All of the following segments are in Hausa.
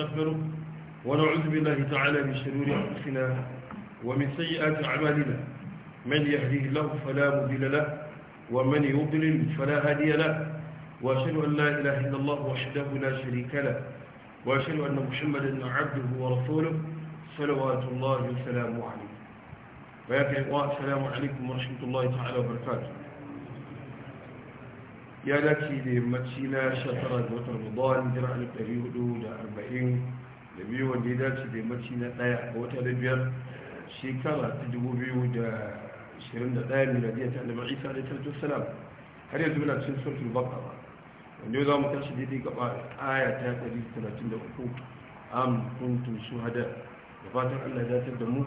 ونستغفره ونعوذ بالله تعالى من شرور أنفسنا ومن سيئات أعمالنا من يهديه الله فلا مضل له ومن يضلل فلا هادي له وأشهد أن لا إله إلا الله وحده لا شريك له وأشهد أن محمدا عبده ورسوله صلوات الله وسلامه عليه وياك السلام عليكم ورحمة الله تعالى وبركاته ya dace da yammaci na shafara ga watan rubawan jira alif ɗari hudu da arba'in da biyu wanda ya dace da yammaci na ɗaya a wata da biyar shekara ta dubu biyu da ashirin da ɗaya miladiyya ta annabi isa da tarjo salam har yanzu muna cin cikin sulhul baqara wanda yau za mu tashi daidai gaba aya ta ɗari talatin da uku am kuntum shuhada da fatan allah ya dace da mu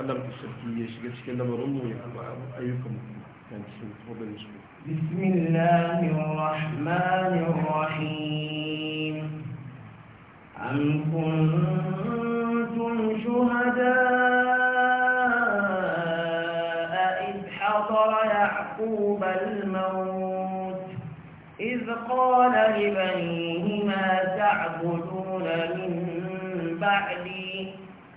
allah ta sarki ya shiga cikin lamarinmu ya kuma ayyukan mu kan cikin tsohon بسم الله الرحمن الرحيم أم كنتم شهداء إذ حضر يعقوب الموت إذ قال لبنيه ما تعبدون من بعدي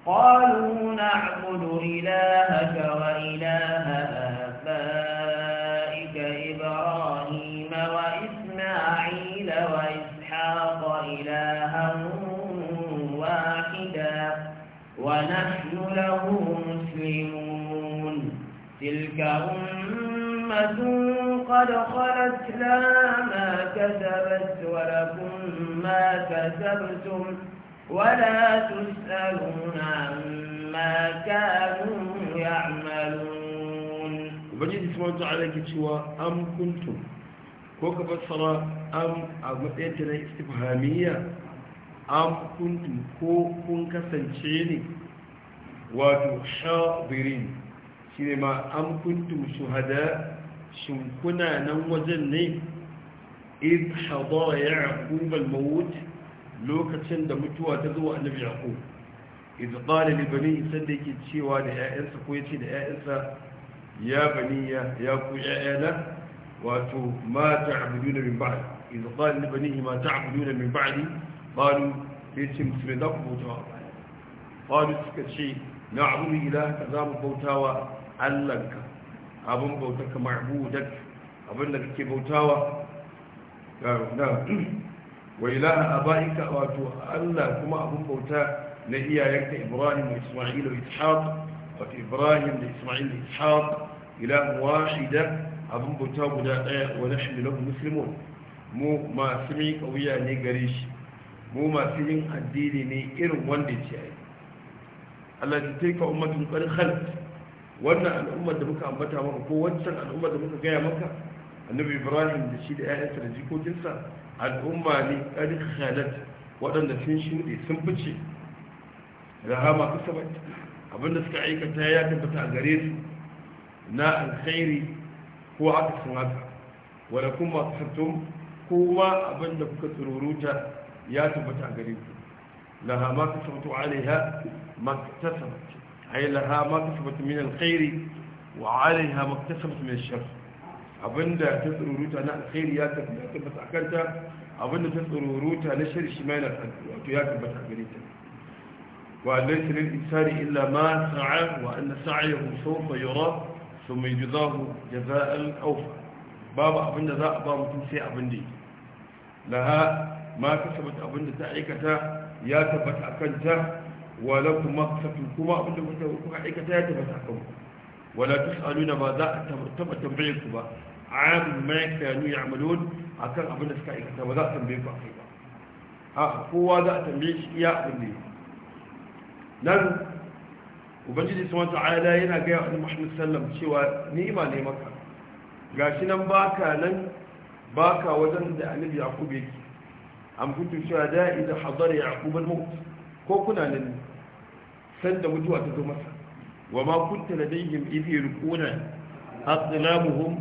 قالوا نعبد إلهك وإله آبائك ونحن له مسلمون تلك أمة قد خلت لها ما كسبت ولكم ما كسبتم ولا تسألون عما كانوا يعملون وبجد سمعت عليك سوى أم كنتم أم أم أم أم أم أم أم أم istifhamiyya An kuntum ko kun kasance ne wato shadirin shi ne ma an kuntum shuhada shin kuna nan wajen ne id hadara yaqub al-maut lokacin da mutuwa ta zo annabi yaqub id qala li da sanda yake cewa da ƴaƴansa ko yace da ƴaƴansa ya bani ya ku ƴaƴana wato ma ta'buduna min ba'di id qala li bani ma ta'buduna min ba'di ƙalu sai ce musu mai za ku bautawa ƙalu suka ce na abu ila ka bautawa allanka abin bauta ka ma'budak abin da kake bautawa wa ilaha abaika wato allah kuma abin bauta na iyayenka ibrahim da isma'il da ishaq wato ibrahim da isma'il da ishaq bauta guda ɗaya wa nahnu miƙa wuya ne gare shi mu masu yin addini ne irin wanda ya ce yi Allah ta taika ummatun qad khalat wannan al'ummar da muka ambata maka ko wancan al'ummar da muka gaya maka annabi Ibrahim da shi da ƴaƴansa da jikokinsa al'umma ne qad khalat waɗanda sun ne sun fice rahama kasabat abinda suka aikata ya tabbata a gare su na alkhairi ko aka sun haka wala kuma kasatun kuma abinda kuka tsururuta ya tabbata a gare ku laha ma kasabtu alaiha maktasabat ay laha ma kasabat min alkhairi wa alaiha maktasabat min alshar abinda ta tsururuta na alkhairi ya tabbata a kanta abinda ta tsururuta na shari shi ma yana wato ya tabbata a gare ta wa laysa lil insani illa ma sa'a wa anna sa'yahu sawfa yura thumma yujzahu jazaa'an awfa babu abinda za a ba mutum sai abin da yake laha ma kasabat abinda ta aikata ya tabbata a kanta wala kuma kasafin kuma abinda ta aikata ya tabbata a kanku wala tus'aluna ba za a taba tambayar ku ba amma kanu ya'malun akan abinda suka aikata ba za a tambaye ku akai ba a kowa za a tambaye shi iya abin ne nan ubangiji sama ta'ala yana gaya wa muhammad sallam cewa ni'ima ne maka gashi nan baka nan baka wajen da annabi yakub yake am kuntum shuhada idan hadara yaqub al-maut ko kuna nan sanda mutuwa ta zo masa wa ma kunta ladayhim idh yulquna aqlamuhum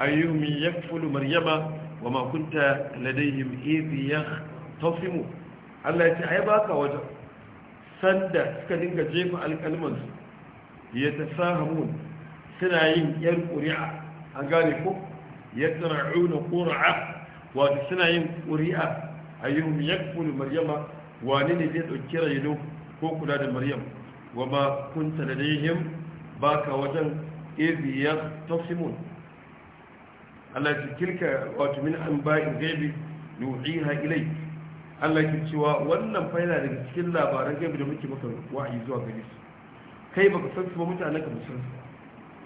ayyuhum yakfulu maryama wa ma kunta ladayhim idh yahtasimu Allah ya ce ai baka wajen sanda suka dinga jefa alƙalmansu ya ta sahamun suna yin yar ƙuri'a an gane ko ya tsara'una ƙura'a wato suna yin ƙuri'a ayyuhum yakfulu maryama wani ne zai dauki rayu ko kula da maryam wa ma kunta ladayhim baka wajen idh yaqtasimun Allah ki tilka wato min anba'in gaibi nuhiha ilayk Allah ki cewa wannan faida daga cikin labaran gaibi da muke maka wa'ayi zuwa gare kai baka san su ba mutanen ka musan su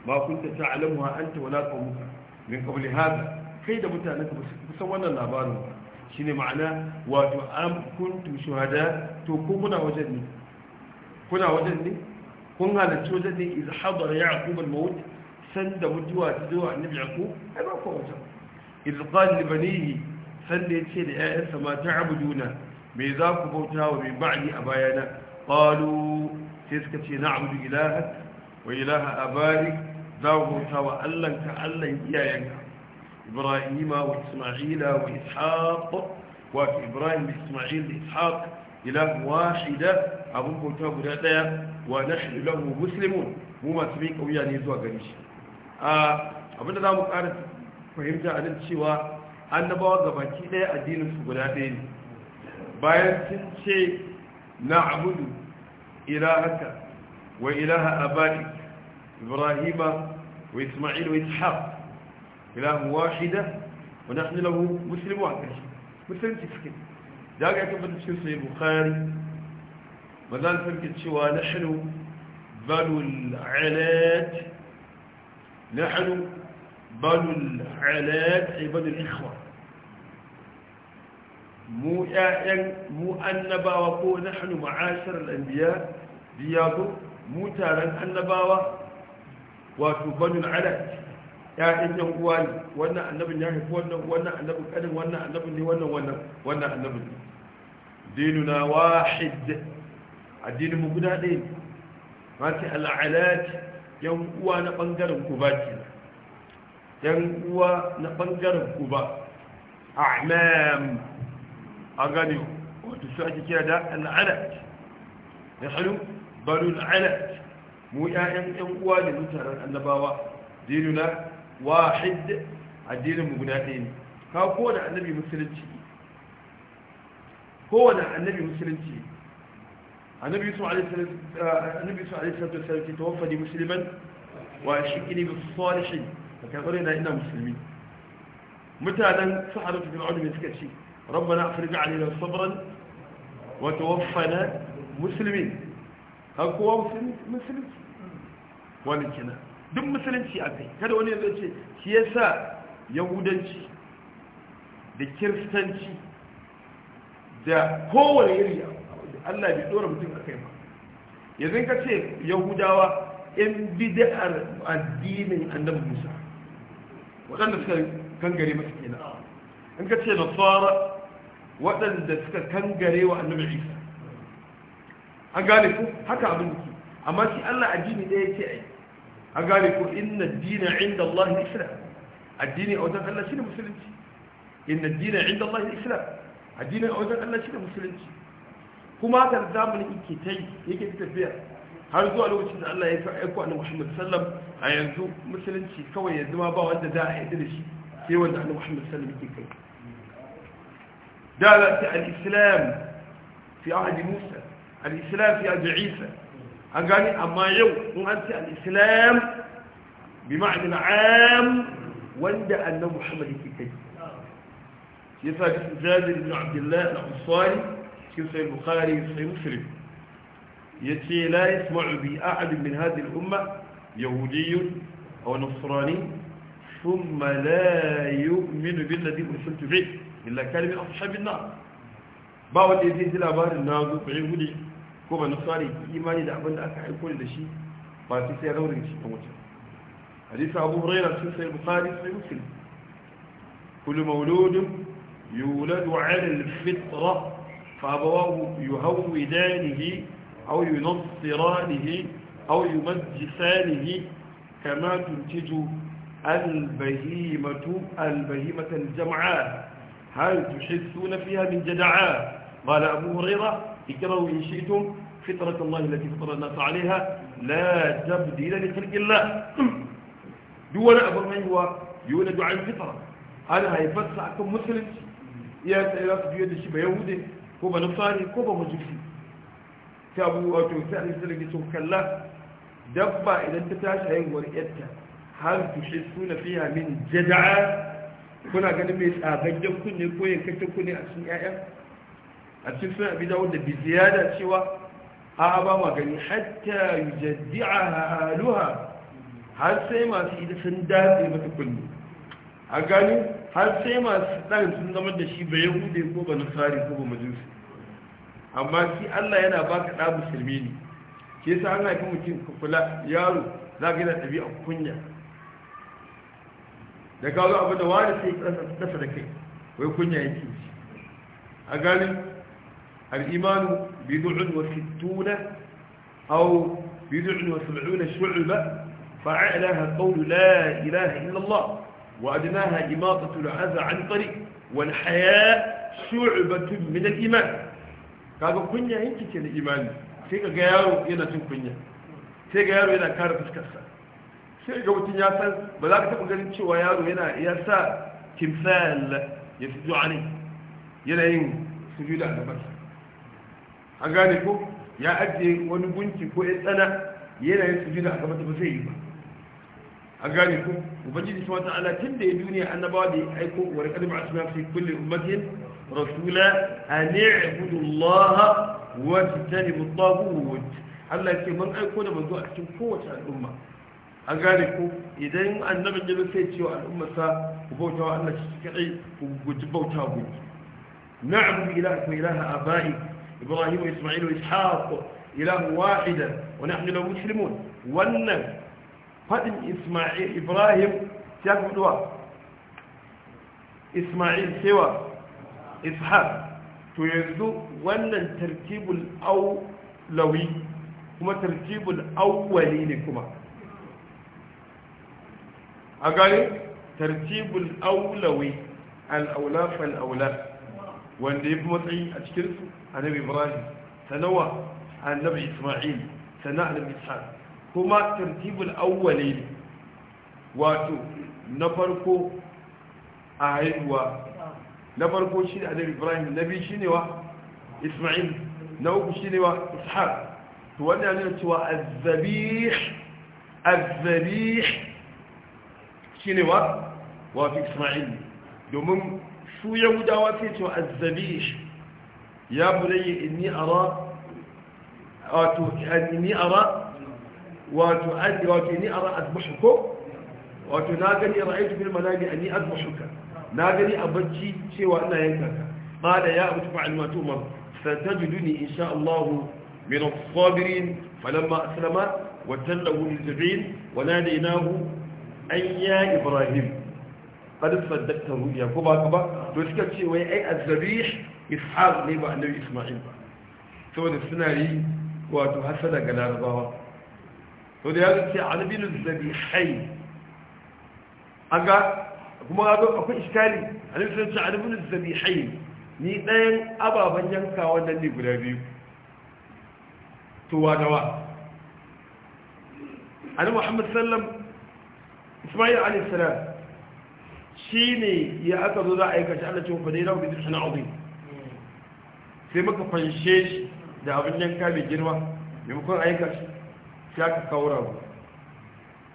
ba kunta ta'lamuha anta wala qawmuka min qabli hadha kai da mutanen ka musan wannan labarin ba shine ma'ana wato am kuntum shuhada to ko kuna wajen ne kuna wajen ne kun halarci wajen ne iz hadara yaqub al-maut sanda mutuwa ta zuwa annabi yaqub ai ba ku wajen iz qala li banihi sanda yace da ƴaƴansa ma ta'buduna me za ku bauta wa mai ba'di a bayana qalu sai suka ce na'budu ilaha wa ilaha abarik za ku bauta wa allahnka allah iyayenka إبراهيم وإسماعيل وإسحاق وإبراهيم وإسماعيل وإسحاق إله واحدة أبو بوتاب ردايا ونحن له مسلمون مما تبين قوية نيزوا قريش أبدا دام قارت فهمت أن الشيوى annabawa gabaki ɗaya addininsu guda ɗaya ne bayan sun ce na abudu ilahaka wa ilaha abadi ibrahima wa ismail wa ishaq إله واحدة ونحن له واحد مسلم تفكر ذاك أكبر تفكير في البخاري مازال نفكر سوى نحن بنو العلات نحن بنو العلات أي بل الإخوة مو يعني مو أن وقو نحن معاشر الأنبياء ديابو مو تارن واتو بنو العلات ya'yan yan uwa ne wannan annabin ya haifi wannan wannan annabin kanin wannan annabin ne wannan wannan wannan annabin ne dinuna wahid addinin mu guda ɗaya ne ma ce yan uwa na bangaren kuba ke yan uwa na bangaren kuba a'mam a gani wato su ake kira da al'alat ya hannu banu al'alat mu ya'yan yan uwa ne mutanen annabawa dinuna wahid addinin mu guda ɗaya ne ka kowane annabi musulunci kowane annabi musulunci annabi yusuf alaihi salatu eh, wasallam ke tawaffani musulman wa shikini bi salihin ka karɓar yana ina musulmi mutanen sahara tufin audu mai suka ce rabbana afirka alina sabran wa tawaffana musulmin ka kowa musulmi wani kenan duk musulunci a kai kada wani yanzu ce shi ya sa yahudanci da kiristanci da kowane iri allah bai dora mutum a kai ba yanzu ka ce yahudawa yan bida'ar addinin annabi musa waɗanda suka kangare masu na in ka ce nasara waɗanda suka kangare wa annabi isa an gane ku haka abin da ke amma shi allah addini ɗaya ce a yi أقالك إن الدين عند الله الإسلام الدين أودك الله سنة مسلمتي إن الدين عند الله الإسلام الدين أودك الله سنة مسلمتي كما ترزام من إنك تي إنك تتبير هرزو على وجه الله يكو أن محمد صلى الله عليه وسلم هرزو مسلمتي كوي يزما باو أنت داعي إدرسي كيوان أن محمد صلى الله عليه وسلم دعوة الإسلام في عهد موسى الإسلام في عهد عيسى أجاني أما يو أنت الإسلام بمعنى عام واندى أن محمد في كي يسا جابر بن عبد الله الأنصاري في سيد البخاري في سيد مسلم يتي لا يسمع بي أحد من هذه الأمة يهودي أو نصراني ثم لا يؤمن بالذي أرسلت به إلا كان من أصحاب النار بعض يزيد الأبار الناظر بعيهودي ko ba nufari imani da abin da aka aiko da shi ba su sai raunin shi ta wuce hadisa abu huraira sun sai bukari sai muslim kullu mauludun yuladu ala al-fitra fa abawahu yuhawidanihi aw yunassiranihi aw yumajjisanihi kama tuntiju البهيمة البهيمة الجمعاء هل تحسون فيها من جدعاء قال أبو هريرة اكرهوا إن شئتم فطرة الله التي فطر الناس عليها لا تبديل لخلق الله دون أبو من هو يولد عن فطرة أنا هيفتس أكون مسلم يا سيدات بيد الشبه يهودي كوبا نصاري كوبا مجوسي تابو أو توسعي سلقي سوكلا دبا إذا انت تاشعي ورئتها هل تحسون فيها من جدعة kuna ganin mai tsagaggen kunne ko yankakken kunne a cikin ƴaƴan a cikin suna abi dawo da biziyada cewa a ba ma gani hatta yujaddi'aha haluha har sai masu ita sun dace mata kullu a gani har sai masu ɗan sun zama da shi bai hude ko ba nasari ko ba majusi amma shi Allah yana baka ɗa musulmi ne ke sa an haifi mutum kula yaro za ka yi na ɗabi'a kunya da kawo abu da wani sai ƙasa da kai wai kunya yake a gani al'imanu بضع وستون أو بضع وسبعون شعبة فأعلاها قول لا إله إلا الله وأدناها إماطة العزى عن طريق والحياة شعبة من الإيمان قال كنيا إنك تين إيمان سيقى غيارو إينا تين كنيا سيقى غيارو إينا كارب اسكسا سيقى غوتين ياسان بلاك تقول إنك ويارو إينا ياسا تمثال يسجو عليه ينا سجود على بكر an gane ko ya ajiye wani gunki ko ya tsana yana yin sujuda a gabata ba zai yi ba an gane ko ubangiji subhanahu ta'ala tun da ya duniya annabawa da ya aiko wa laqad ba'athna fi kulle ummatin rasula an i'budu allaha wa tajtanibu at-taghut Allah ya ce aiko da manzo a cikin kowace al'umma an gane ko idan annabin ya sai ce wa al'ummarsa ku bauta wa Allah shi kadai ku guji bauta gunki na'budu ilaha wa ilaha abaik إبراهيم وإسماعيل وإسحاق إله واحدا ونحن له مسلمون وأن فإن إسماعيل إبراهيم تقول إسماعيل سوى إسحاق تيزو وأن الترتيب الأولوي كما ترتيب الأولين كما أقالي ترتيب الأولوي الأولى فالأولى وأن يبمطعي أشكرسه annabi ibrahim sanawa annabi isma'il sana annabi ishaq kuma tartibul awwali ne wato na farko a haihuwa na farko shi annabi ibrahim na biyu shine wa isma'il na uku shine wa ishaq to wannan ne cewa az-zabih az-zabih shine wa wa isma'il domin su yahudawa sai cewa az-zabih يا بني إني أرى يعني إني أرى وتؤدي وإني أرى أذبحك واتو رأيت في الملاجئ أني أذبحك ناقني أبجي سوى أنا ينكك قال يا أبو تفعل ما تؤمر ستجدني إن شاء الله من الصابرين فلما أسلم وتله للجبين وناديناه أي يا إبراهيم قد صدقت الرؤيا كبا كبا to suka ce wai ai azzabih ishaq ne ba annabi isma'il ba saboda suna yi wato hasada ga larabawa to da ya ce albinu zabihai aga ga kuma ga akwai iskali annabi sun ce albinu zabihai ni ɗayan ababen yankawa nan ne guda biyu to wa dawa annabi muhammad sallam isma'il alayhi salam shi ne ya aka zo za a aikata Allah ce fadai rahu bi zikrin azim sai muka fanshe shi da abin yanka mai girma maimakon aika shi sai aka kawura ba?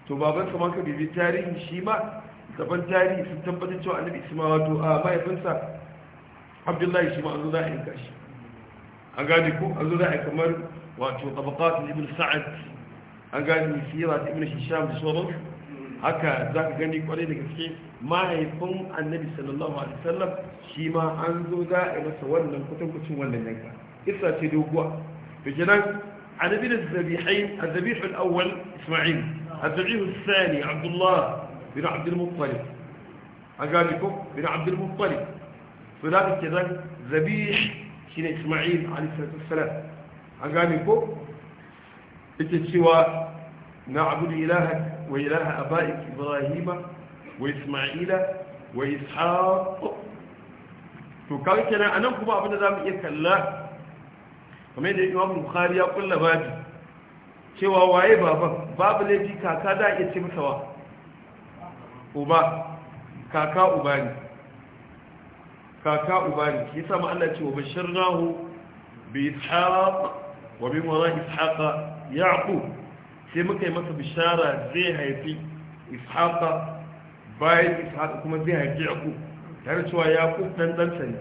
to baban sa ka bibi tarihi shi ma daban tarihi sun tabbatar cewa annabi isma wato a mahaifinsa abdullahi shi ma an zo za a aika shi an gane ko an zo za a kamar wato tabaqat ibn sa'ad an gane sirrat ibn hisham da sauransu haka za ka gani kwarai da gaske mahaifin annabi sallallahu alaihi wasallam shi ma an zo za a yi masa wannan kutankucin wannan yanka isa ce doguwa to kenan annabi da zabihain azabih al isma'il azabih al-thani abdullah bin abd al-muttalib agalikum bin abd al-muttalib to da kake zan zabih shine isma'il alaihi salam agalikum yake cewa na abudu ilahaka وإله أبائك إبراهيم وإسماعيل وإسحاق فكان كنا أنا كما أبنى ذا يكلا kamar yadda imam bukhari ya kulla babi cewa waye baban babu laifi kaka da ya ce masa wa uba kaka uba ne kaka uba ne shi yasa Allah ce wa bashirnahu bi ishaq wa bi mawla ishaq yaqub sai muka yi masa bishara zai haifi ishaqa bayan ishaqa kuma zai haifi yaqub tare cewa yaqub dan ɗan ne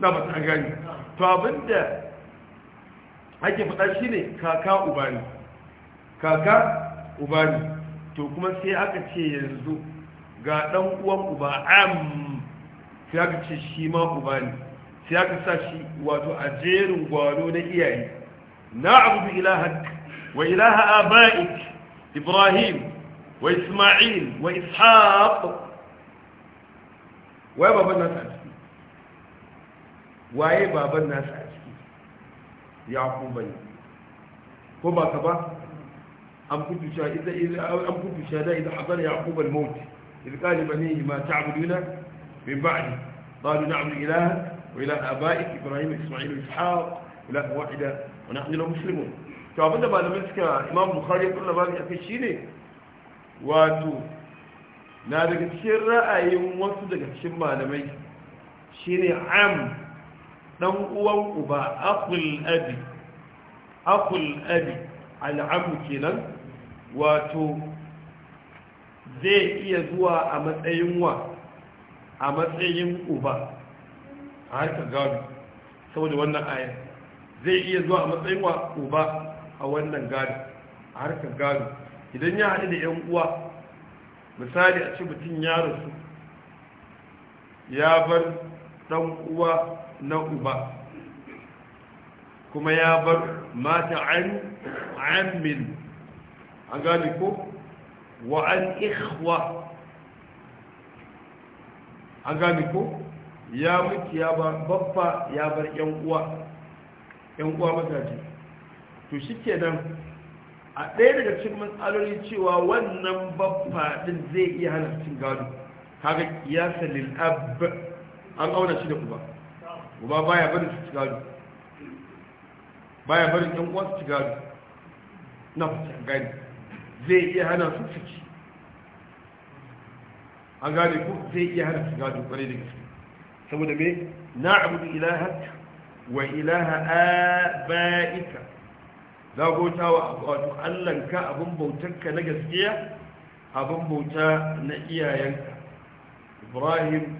na ba ta gani to da ake faɗa ne kaka ubani ne kaka ubani to kuma sai aka ce yanzu ga dan uwan uba am sai aka ce shi ma uba ne sai aka sa shi wato a jerin gwano na iyaye na abu bi ilahak وإله آبائك إبراهيم وإسماعيل وإسحاق ويا بابا الناس عزيزي ويا بابا الناس عزيزي يعقوب بني كما تبا أم كنت شاهد إذا حضر يعقوب الموت إذ قال لبنيه ما تعبدون من بعد قالوا نعبد إله وإله آبائك إبراهيم وإسماعيل وإسحاق إله واحدة ونحن لهم مسلمون to abinda malamin suka imam bukhari ya kulla bani akai shine wato na daga cikin ra'ayin wasu daga cikin malamai shine am dan uwan uba akul abi akul abi am kenan wato zai iya zuwa a matsayin wa a matsayin uba a harkar gado saboda wannan ayar zai iya zuwa a matsayin wa uba a wannan gado a harkar gado idan ya haɗu da 'yan uwa misali a ce mutum ya rasu ya bar ɗan uwa na uba kuma ya bar mata an amin a gani ko wa an ikhwa a gani ko ya mutu ya bar babba ya bar 'yan uwa 'yan uwa ce to shi nan, a ɗaya daga cikin matsaloli cewa wannan baffa ɗin zai iya hana cikin gado kaga ya salil ab an auna shi da Kuma ba baya barin su ci gado baya barin ɗan uwa su ci gado na an gani zai iya hana su ciki an gane ku zai iya hana su gado kwarai da gaske saboda me na abu ilaha wa ilaha abaika za bauta wa wato allanka abin bautarka na gaskiya abin bauta na iyayenka ibrahim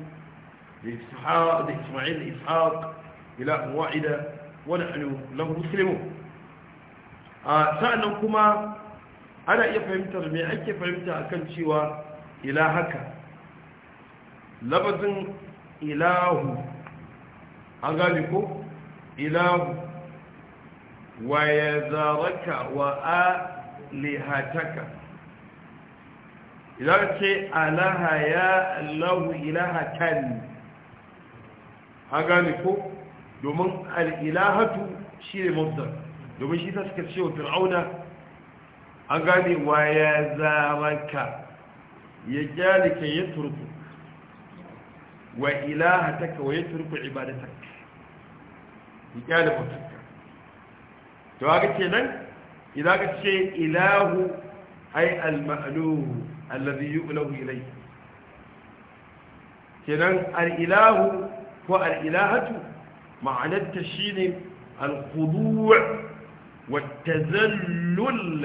da ismail da ishaq ila wa'ida wani anu lahu muslimu a sa'annan kuma ana iya fahimtar me ake fahimta akan cewa ila haka labazin ilahu an gane ko ilahu wa yazaraka wa alihataka idan ce alaha ya allahu ilahatan an gane ko domin al'ilahatu shi ne mafdar domin shi ta suka ce wa fir'auna an gane wa ya ya gyalika ya turku wa ilahataka wa ya turku ibadataka ya gyalika to ga kenan idan ka ce ilahu ay al-ma'luhu alladhi yu'lahu ilayhi kenan al-ilahu ko al-ilahatu ma'anarta shine al-khudu' wa tazallul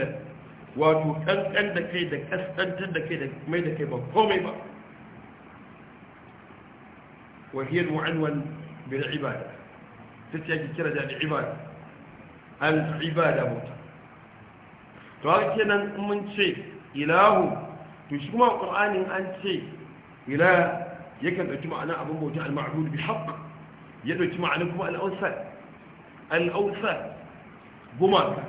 wato kankan da kai da kaskantar da kai da mai da kai ba komai ba wa hiya al-mu'anwan bil ibada tace ake kira da ibada an ibada bauta to haka kenan mun ce ilahu to shi kuma qur'anin an ce ila yakan dauki ma'ana abin bauta al-ma'bud bi haqq ya dauki ma'ana kuma al-awsan al-awsan gumaka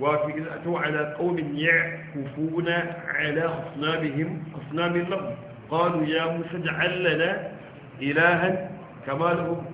wa fi izatu ala qaumin ya'kufuna ala asnabihim asnamil lahum qalu ya musa ja'al lana ilahan kama lahum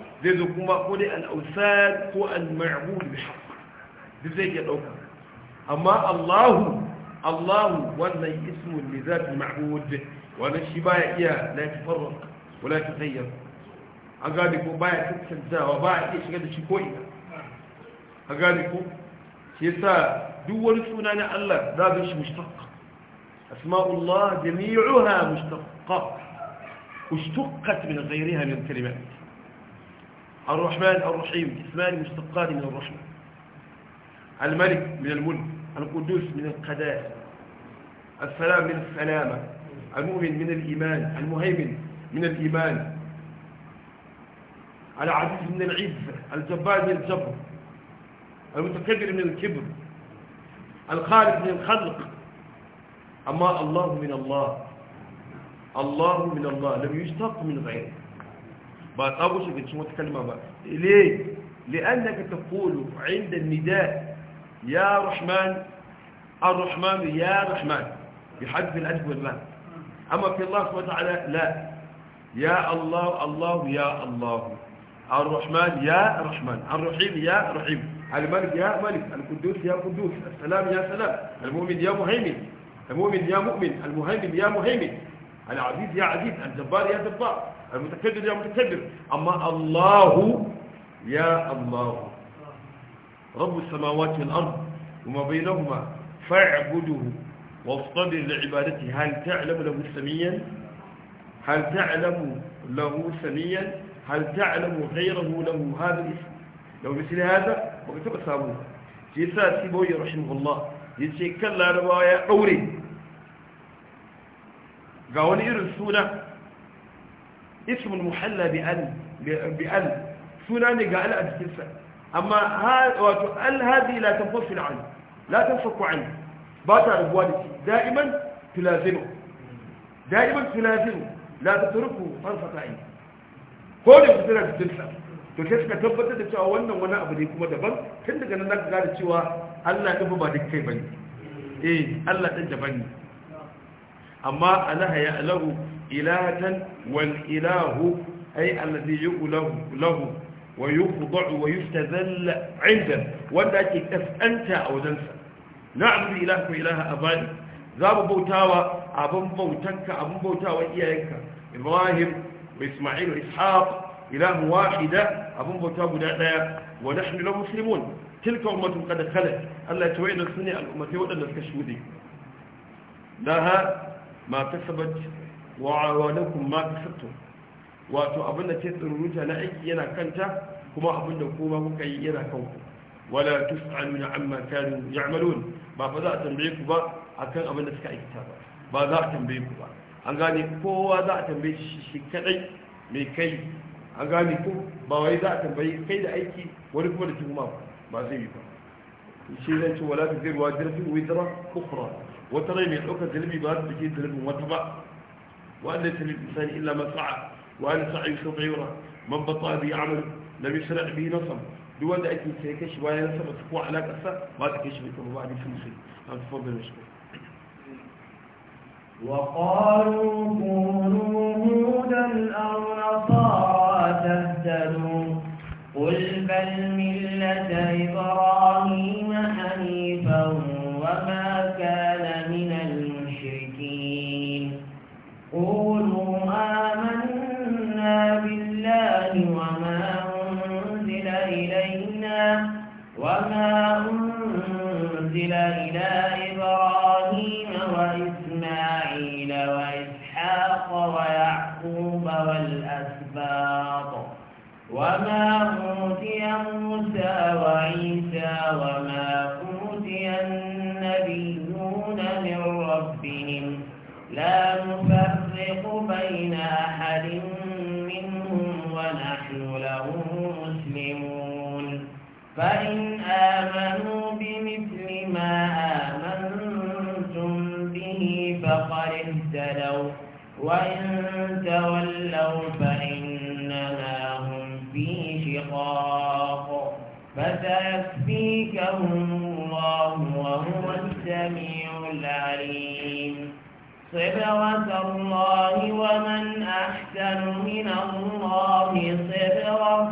ذلكم قولي الأوثان هو المعبود بحق بزيج الأوكا أما الله الله والذي اسم لذات المعبود وانا الشباية إياه لا يتفرق ولا تغير أقالكم بايع تكسل ذا وبايع إيش قد شكوية أقالكم سيسا دول سنان الله ذا بيش مشتق أسماء الله جميعها مشتقة اشتقت من غيرها من الكلمات الرحمن الرحيم اسمان مشتقان من الرحمة الملك من الملك القدوس من القداس السلام من السلامة المؤمن من الإيمان المهيمن من الإيمان العزيز من العزة الجبار من الجبر المتكبر من الكبر الخالق من الخلق أما الله من الله الله من الله لم يشتق من غيره بطابش بيتش متكلمة بقى ليه؟ لأنك تقول عند النداء يا رحمن الرحمن يا رحمن يحدث الأجب والله أما في الله سبحانه وتعالى لا يا الله الله يا الله الرحمن يا رحمن الرحيم يا رحيم الملك يا ملك القدوس يا قدوس السلام يا سلام المؤمن يا مهيمن المؤمن يا مؤمن المهيمن يا مهيمن العزيز يا عزيز الجبار يا جبار almutakaddir ya mutakaddir amma Allahu ya Allahu rabbu samawati wal ard wama baynahuma fa'buduhu wastabir li ibadati hal ta'lamu lahu samiyan hal ta'lamu lahu samiyan hal ta'lamu ghayrahu lahu hadhi لو مثل هذا وكتب سامون جيسا سيبوي رحمه الله يتشكل لا روايا أوري قاولي رسولة ismul muhalla bi al bi al suna ne ga al a cikin sa amma wato al hadi la tanfasil an la tanfaku an ba ta rabuwa da shi da'iman tulazimu da'iman tulazimu la tatruku farfata ayn ko da fitina cikin sa to sai suka tabbatar da cewa wannan wani abu ne kuma daban tun daga nan zaka gane cewa Allah ɗin ba kai eh Allah amma ya ilatan wal ilahu ay alladhi yu'lahu lahu wa yufda'u wa 'inda wanda kasanta a wajensa na'budu ilaha wa ilaha abadi bautawa abin bautanka abin bautawa iyayenka ibrahim wa isma'il wa ishaq ilahu wahida bauta guda daya wa nahnu lahu muslimun tilka ummatun qad khalat Allah ya tawaye da sunni suka shude laha ma wa awalakum ma kasabtum wato abin da ke tsururuta na aiki yana kanta kuma abin da kuma kuka yi yana kanku wala na amma kanu ya'malun ba fa za a tambaye ku ba akan abin da suka aiki ta ba ba za a tambaye ku ba an gane kowa za a tambaye shi shi kadai mai kai an gane ku ba wai za a tambaye kai da aiki wani kuma da tuhuma ba zai yi ba shi zai ci wala ta tuzir wa jirfin wizra ukhra wata rai mai daukar zalbi ba za ta take zalbin wata ba وأن ليس للإنسان إلا ما سعى وأن سعي سوف يرى من بطأ به عمل لم يسرع به نصب دول أكي سيكش ولا نصب تقوى على قصة ولا تكشف الله عليه في هذا تفضل مشكور وقالوا كونوا هودا أو نصارى تهتدوا قل بل ملة إبراهيم وما أنزل إلى إبراهيم وإسماعيل وإسحاق ويعقوب والأسباط وما أوتي موسى وعيسى وما أوتي النبيون من ربهم لا نفرق بين أحد منهم ونحن له مسلمون فإن فقد اهتدوا وإن تولوا فإنما هم في شقاق فسيكفيكهم الله وهو السميع العليم صبغة الله ومن أحسن من الله صبغة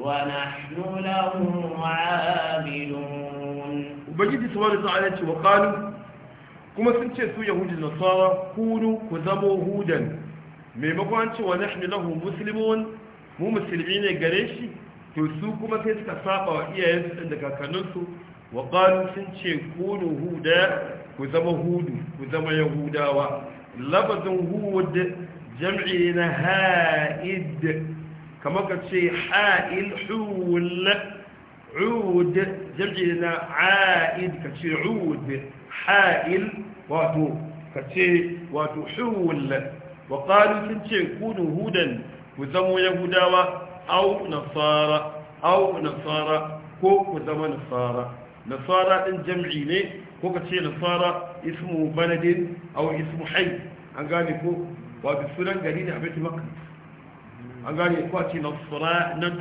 ونحن له عابدون وبجد سؤال وتعالى وقالوا kuma sun ce su yahudi da nasara kudu ku zamo hudan maimakon cewa na lahu musulmun mu musulmi ne gare shi to su kuma sai suka saba wa iyayensu da kakanninsu wa ƙalu sun ce kudu huda ku zama hudu ku zama yahudawa labazin hud jam'i na ha'id kamar ka ce ha'il hul عود جمعنا عائد كتشي عود حائل واتو كتشي واتو حول وقالوا كتشي كونوا هودا وزموا يهوداوا أو نصارى أو نصارى كو وزموا نصارى نصارى إن جمعيني كو كتشي نصارى اسمه بلد أو اسمه حي أنقالي كو وبسنان قليل عبيت مكة أنقالي كو أتي نصرى نتو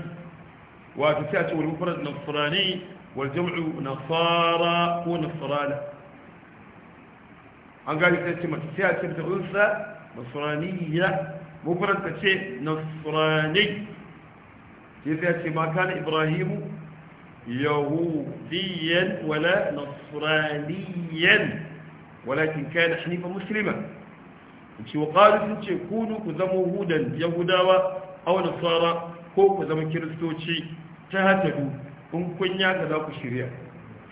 وتساتي والمفرد نصراني والجمع نصارى ونصرانة عن قال تساتي ما تساتي بتأنثى نصرانية مفرد تساتي نصراني يتأتي ما كان إبراهيم يهوديا ولا نصرانيا ولكن كان حنيفا مسلما وقالوا كونوا كذموا هودا يهوداوا Auna nasara ko ku zama kiristoci ta hatadu in kun ya ka za ku shirya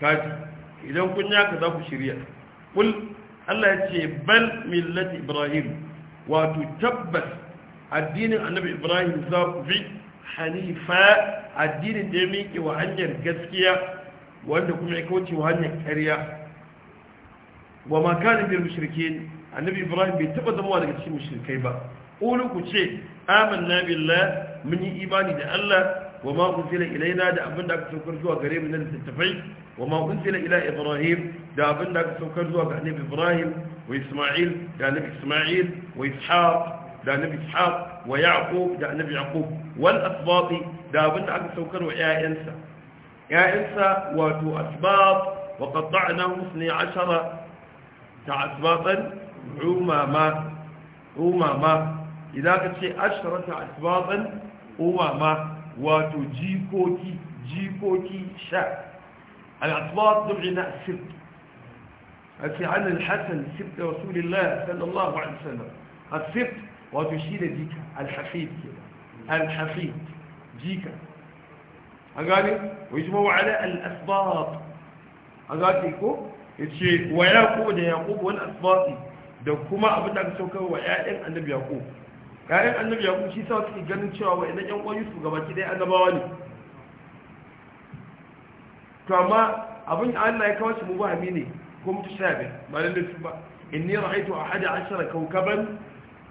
kaji idan kun ya ka za ku shirya kul Allah ya ce bal millati ibrahim wato tabbas addinin annabi ibrahim za ku bi hanifa addinin da ya miƙe wa hanyar gaskiya wanda kuma ya kauce wa hanyar ƙarya wa makanin bil mushrikin annabi ibrahim bai taba zama daga cikin mushrikai ba ulu ku ce na billah mun yi imani da Allah wa ma unzila ilaina da abinda aka saukar zuwa gare mu na littattafai wa ma unzila ila ibrahim da abinda aka saukar zuwa ga annabi ibrahim wa isma'il da annabi isma'il wa ishaq da annabi ishaq wa yaqub da annabi yaqub wal asbati da abinda aka saukar wa ƴaƴansa ƴaƴansa wato asbat wa qatta'nahu 12 ta asbatan umama umama idan ka ce asharata asbaban umama wato jikoki jikoki sha al-asbab dab'i na sibt ake an al-hasan sibt rasulullah sallallahu alaihi wasallam a sibt wato shi da jika al-hafid al jika an gane wa yajma'u ala al-asbab an gane ko yace wa yaqub da yaqub wal asbab da kuma abin da aka saukar wa ƴaƴan annabi yaqub ƴaƴan annabi kuma shi sa suke ganin cewa ina ƴan uwan yusuf gabaki ki dai annabawa ne to amma abin da Allah ya kawo shi mubahami ne ko mutashabih ba lalle su ba inni ra'aytu ahada ashara kawkaban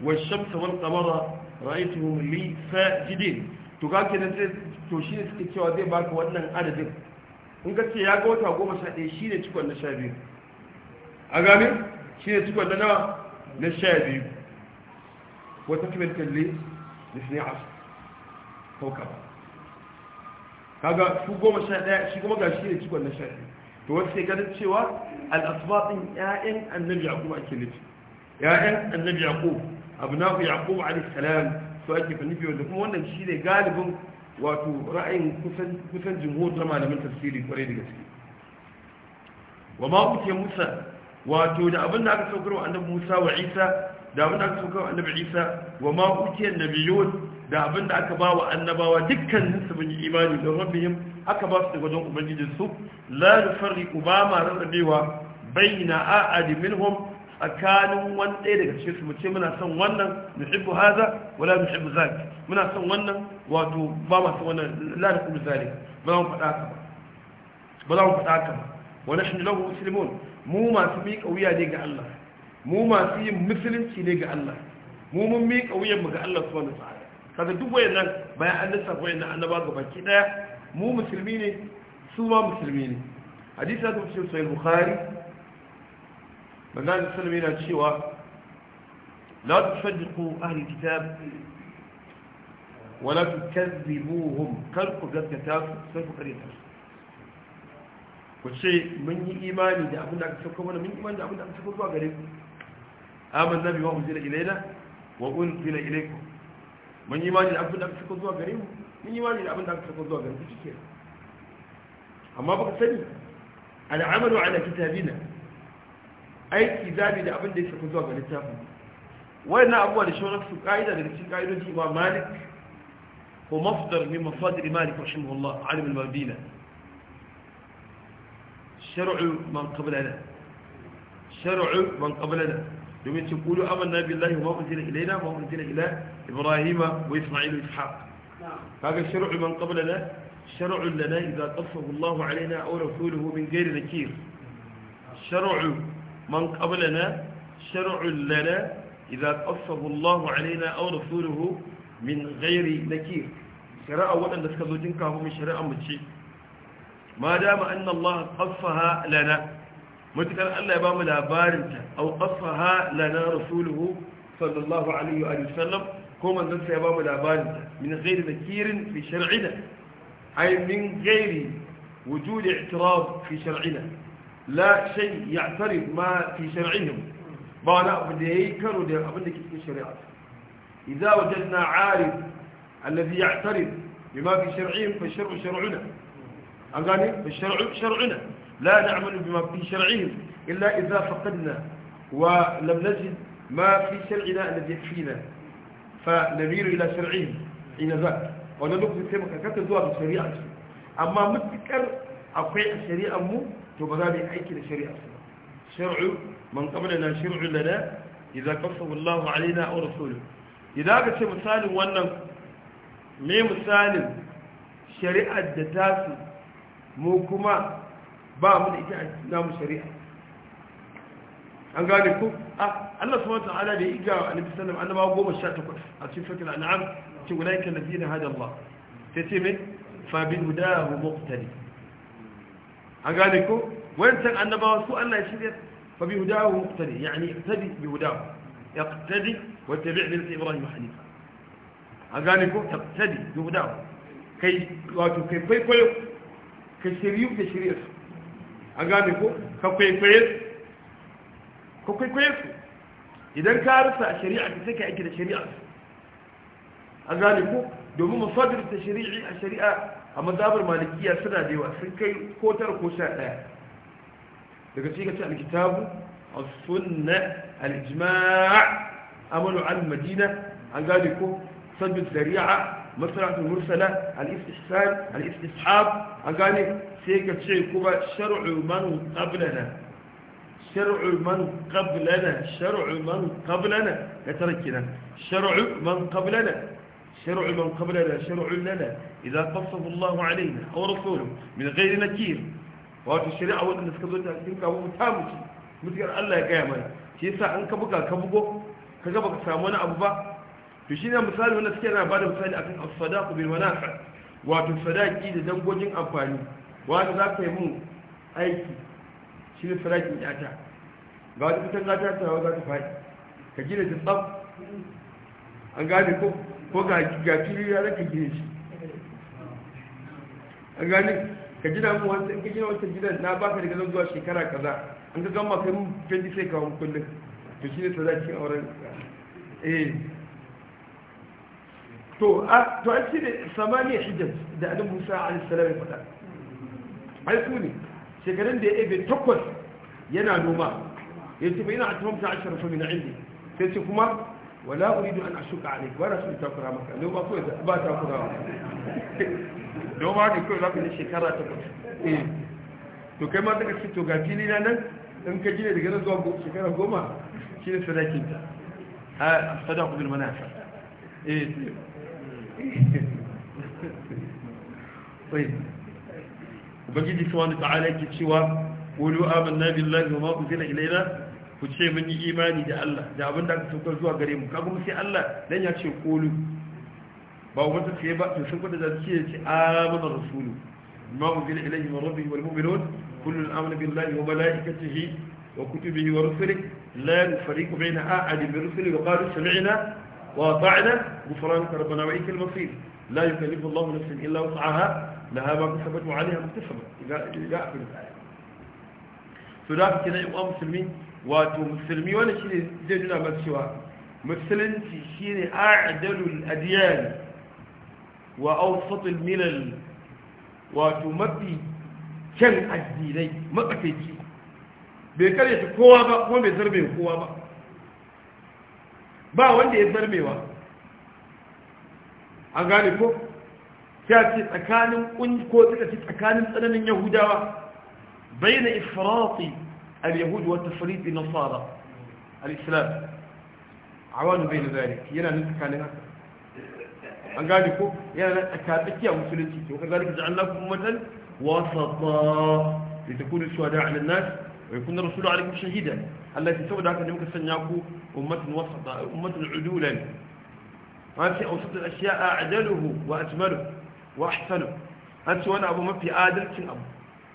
wash-shamsa wal-qamara ra'aytuhum li sajidin to ga kenan sai to ne suke cewa zai baka wannan adadin in ka ce ya ga wata goma sha ɗaya ne cikon na sha biyu a shi ne cikon na nawa na sha biyu وتكملة لاثني عشر كوكبا kaga su goma sha ɗaya shi kuma ga shi ne cikon na sha to wasu ke ganin cewa al'asbatin ‘ya'yan annabi yaƙub ake nufi ‘ya'yan annabi yaƙub abu na yaƙub a salam su ake fi nufi wanda kuma wannan shi ne galibin wato ra'ayin kusan jimhur na malamin tafsiri kwarai da gaske wa ma kuke musa wato da abin da aka saukarwa annabi musa wa isa da abin da aka sauka wa annabi isa wa ma ukiyar nabiyun da abin da aka ba wa annabawa dukkanin su yi imani don rabbihim aka ba su da gwadon ubangijin su la nufarri ubama rarrabewa bayyana a'adi hom tsakanin wani ɗaya daga cikin su mu ce muna son wannan nuhibbu haza wala nuhibbu zaki muna son wannan wato ba ma son wannan la nuhibbu zalik ba za mu faɗa haka ba ba za mu faɗa haka ba wa nahnu lahu muslimun mu masu miƙa wuya ne ga Allah mu masu yin musulunci ne ga Allah mu mun miƙa wuyanmu ga Allah subhanahu wa ta'ala kaga duk wayannan bayan an lissafa wayannan annaba ga baki daya mu musulmi ne su ma musulmi ne hadisi da cikin sahih bukhari manzon sallallahu yana cewa la tusaddiqu ahli kitab wa la tukazzibuhum kar ku gaskata su sai ku kare su ku ce mun yi imani da abin da aka sauka mana mun yi imani da abin da aka sauka zuwa gare ku آمنا بما أنزل إلينا وأنزل إليكم من يمان الأبد أن تكون ذو غريم من يمان الأبد أن تكون ذو غريم تشكر أما بقى سني العمل على كتابنا أي كتاب إذا أبد أن تكون ذو غريم تافه وإن أبوا لشون أكسو قائدة لنشين قائدة إمام مالك هو مصدر من مصادر مالك رحمه الله عالم المدينة شرع من قبلنا شرع من قبلنا domin cin kulu amanna billahi wa unzila ilaina wa unzila ila ibrahima wa isma'il wa ishaq kaga shar'u man qablana shar'u lana idza qaffahu Allahu alaina aw rasuluhu min ghairi nakir shar'u man qablana shar'u lana idza qaffahu Allahu alaina aw rasuluhu min ghairi nakir shari'a waɗanda suka zo jin kafin shari'a mu ce ma dama anna Allah qaffaha lana matukar Allah ya ba mu labarinta au qasaha lana rasuluhu sallallahu alaihi wa sallam ko manzon sa ya ba mu labarinta min ghairi nakirin fi shar'ina ay min ghairi wujud i'tirab fi shar'ina la shay ya'tarib ma fi shar'ihim ba wani abu da yayi karo da abin da ke cikin shari'a idza wajadna 'arif alladhi ya'tarib bima fi shar'ihim fa shar'u shar'una an gane fa shar'u shar'una لا نعمل بما في شرعهم إلا إذا فقدنا ولم نجد ما في شرعنا الذي يكفينا فنمير إلى شرعهم حين ذاك ونقف السماء كتدوى بالشريعة أما متكر أقيع الشريعة مو تبذل أيك الشريعة شرع من قبلنا شرع لنا إذا كفوا الله علينا أو رسوله إذا قلت مثال وأن مي مثال شريعة دتاس موكما ba mu da ita a namu shari'a an gane ku a Allah subhanahu wataala da ya iga wa annabi sallallahu alaihi wasallam goma sha takwas a cikin fakil an'am ce guda yake nabi na hada Allah sai ce me fa bil hudahu muqtadi an gane ku wancan annabawa su Allah ya shirya fa bi hudahu muqtadi yani iqtadi bi hudahu yaqtadi wa tabi' millati ibrahim hanifa an gane ku taqtadi bi hudahu kai wato kai kwaikwayo ka shiryu da shiriyarsu an gane ko ka kwaikwaye su ka kwaikwaye su idan ka rasa shari'a ta sai ka aiki da shari'a an gane ko domin masadir ta shari'a a shari'a a mazabar malikiya suna da yawa sun kai ko tara ko sha ɗaya daga cikin ta alkitabu a sunna aljima'a amalu al-madina an gane ko sabbin shari'a مسألة المرسلة الاستحسان الاستصحاب أقاني سيك الشيء كوبا شرع من قبلنا شرع من قبلنا شرع من قبلنا يتركنا شرع من قبلنا شرع من قبلنا شرع لنا إذا قصف الله علينا أو رسوله من غير نكير وهذا الشريعة أود أن نسكبتها تلك أبو متقر الله قيامنا كيسا أنك بقى كبقى كبقى سامونا أبو بقى to shi ne misali wanda suke na ba da misali akan as-sadaqu bil manafa wato sadaki da dangogin amfani wanda za ka yi mun aiki shi ne sadakin yata ga wata fitan gata ta hawa za ta faɗi ka gina ta tsab an gane ko ko ga ga fili ya raka gina shi an gane ka gina mu wanda ka gina wata gidan na baka daga zuwa shekara kaza an ga gama kai mun 20 sai ka mun kullum to shi ne sadakin auren eh to a to an ce da samaniya hijab da annabi Musa alayhi salam ya faɗa ai su ne shekarun da ya ebe takwas yana noma ya ce bai na ta ashar fa min indi sai ce kuma wala uridu an ashuka alayka wa rasul takura maka ba ko ba ta kura noma ne ko za ka shekara shekara takwas eh to kai ma daga ce to ga fili na nan in ka gina daga nan zuwa shekara goma shi ne sadakinta a sadaku bil manafa eh ubangiji su wani ta'ala yake cewa wani amin na billahi wa maku zina ilaina ku ce mun yi imani da Allah da abin da aka saukar zuwa gare mu kaga sai Allah dan ya ce kolu ba wata ce ba to sun kwada zai ce ce amana rasulu ma unzila ilayhi min rabbihi wal mu'minun kullun amana billahi wa malaikatihi wa kutubihi wa rusulihi la nufarriqu baina ahadin min rusulihi wa qalu sami'na وفعلا غفرانك ربنا وعيك المصير لا يكلف الله نفسا إلا وسعها لها ما كسبت وعليها مكتسبة إلى آخر الآية فذلك كنا يبقى مسلمين واتو مسلمين وانا شيء جدنا ما سوى مسلم في شيء أعدل الأديان وأوسط الملل واتو مبي كم أجدي لي ما بكيتي بكريت قوة كوابا بزربين قوة ما ba wanda ya zarmewa an gane ko ya ce tsakanin ko suka ce tsakanin tsananin yahudawa bayyana ifrati al-yahud wa tafriti nasara al-islam awanu bayyana zalik yana nan tsakanin haka an gane ko yana nan tsakatsakiya musulunci to ka zalika ja'alnakum ummatan wasata litakunu shuhada 'ala an-nas wa yakuna rasulu 'alaykum shahida Allah ya saboda haka ne muka sanya ku ummatun wasata ummatun udulan an ce awsat al-ashya a'jaluhu wa ajmalu wa ahsanu an ce wani abu mafi adalcin abu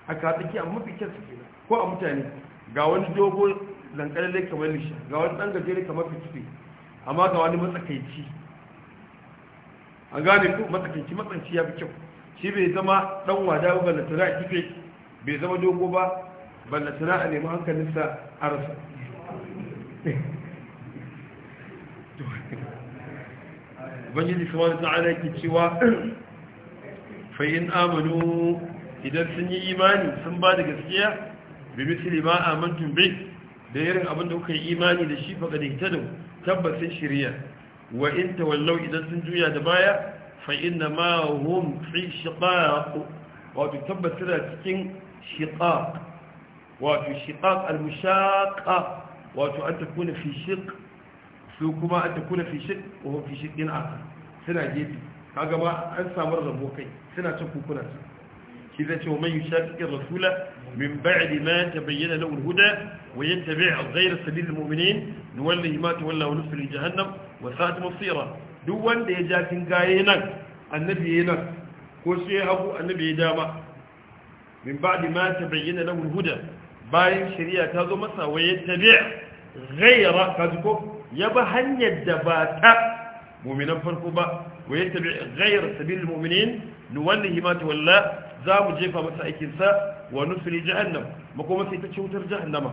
a katsaki abu mafi kyan su ko a mutane ga wani dogo zankararre kamar lisha ga wani dan gajere kamar fitifi amma ga wani matsakaici an gane ku matsakaici matsanci ya fi kyau shi bai zama dan wada ba ballantana a kife bai zama dogo ba ban ballantana a nemi hankalinsa a rasa ubangiji subhanahu ta'ala ke cewa fa in amanu idan sun yi imani sun ba da gaskiya bi misli a mantun bai da irin abinda kuka yi imani da shi faga da hita da tabbasin shirya wa in ta wallau idan sun juya da baya fa inna ma hum fi shiqaq wato tabbasira cikin shiƙaƙ wato shiƙaƙ al-mushaqqa wato an takuna fi shiq su kuma an takuna fi shiq ko fi shiq din aka suna gefe kaga ba an samu rabo kai suna cin kukunan su shi zai ce wa man yushaqiqi rasula min ba'di ma tabayyana lahu al-huda wa yattabi' ghayra sabil al-mu'minin nuwallihi ma tawalla wa nusli jahannam wa sa'at masira duk wanda ya ja kin gaye nan annabi ya nan ko sai hagu annabi ya dama min ba'di ma tabayyana lahu al-huda bayan shari'a ta zo masa wa ya tabi ghaira kaji ko ya ba hanyar da ba ta mu'minan farko ba wa ya tabi ghaira sabil mu'minin nuwallihi ma walla. za mu jefa masa aikin sa wa nusli jahannam makoma sai ta ci wutar jahannama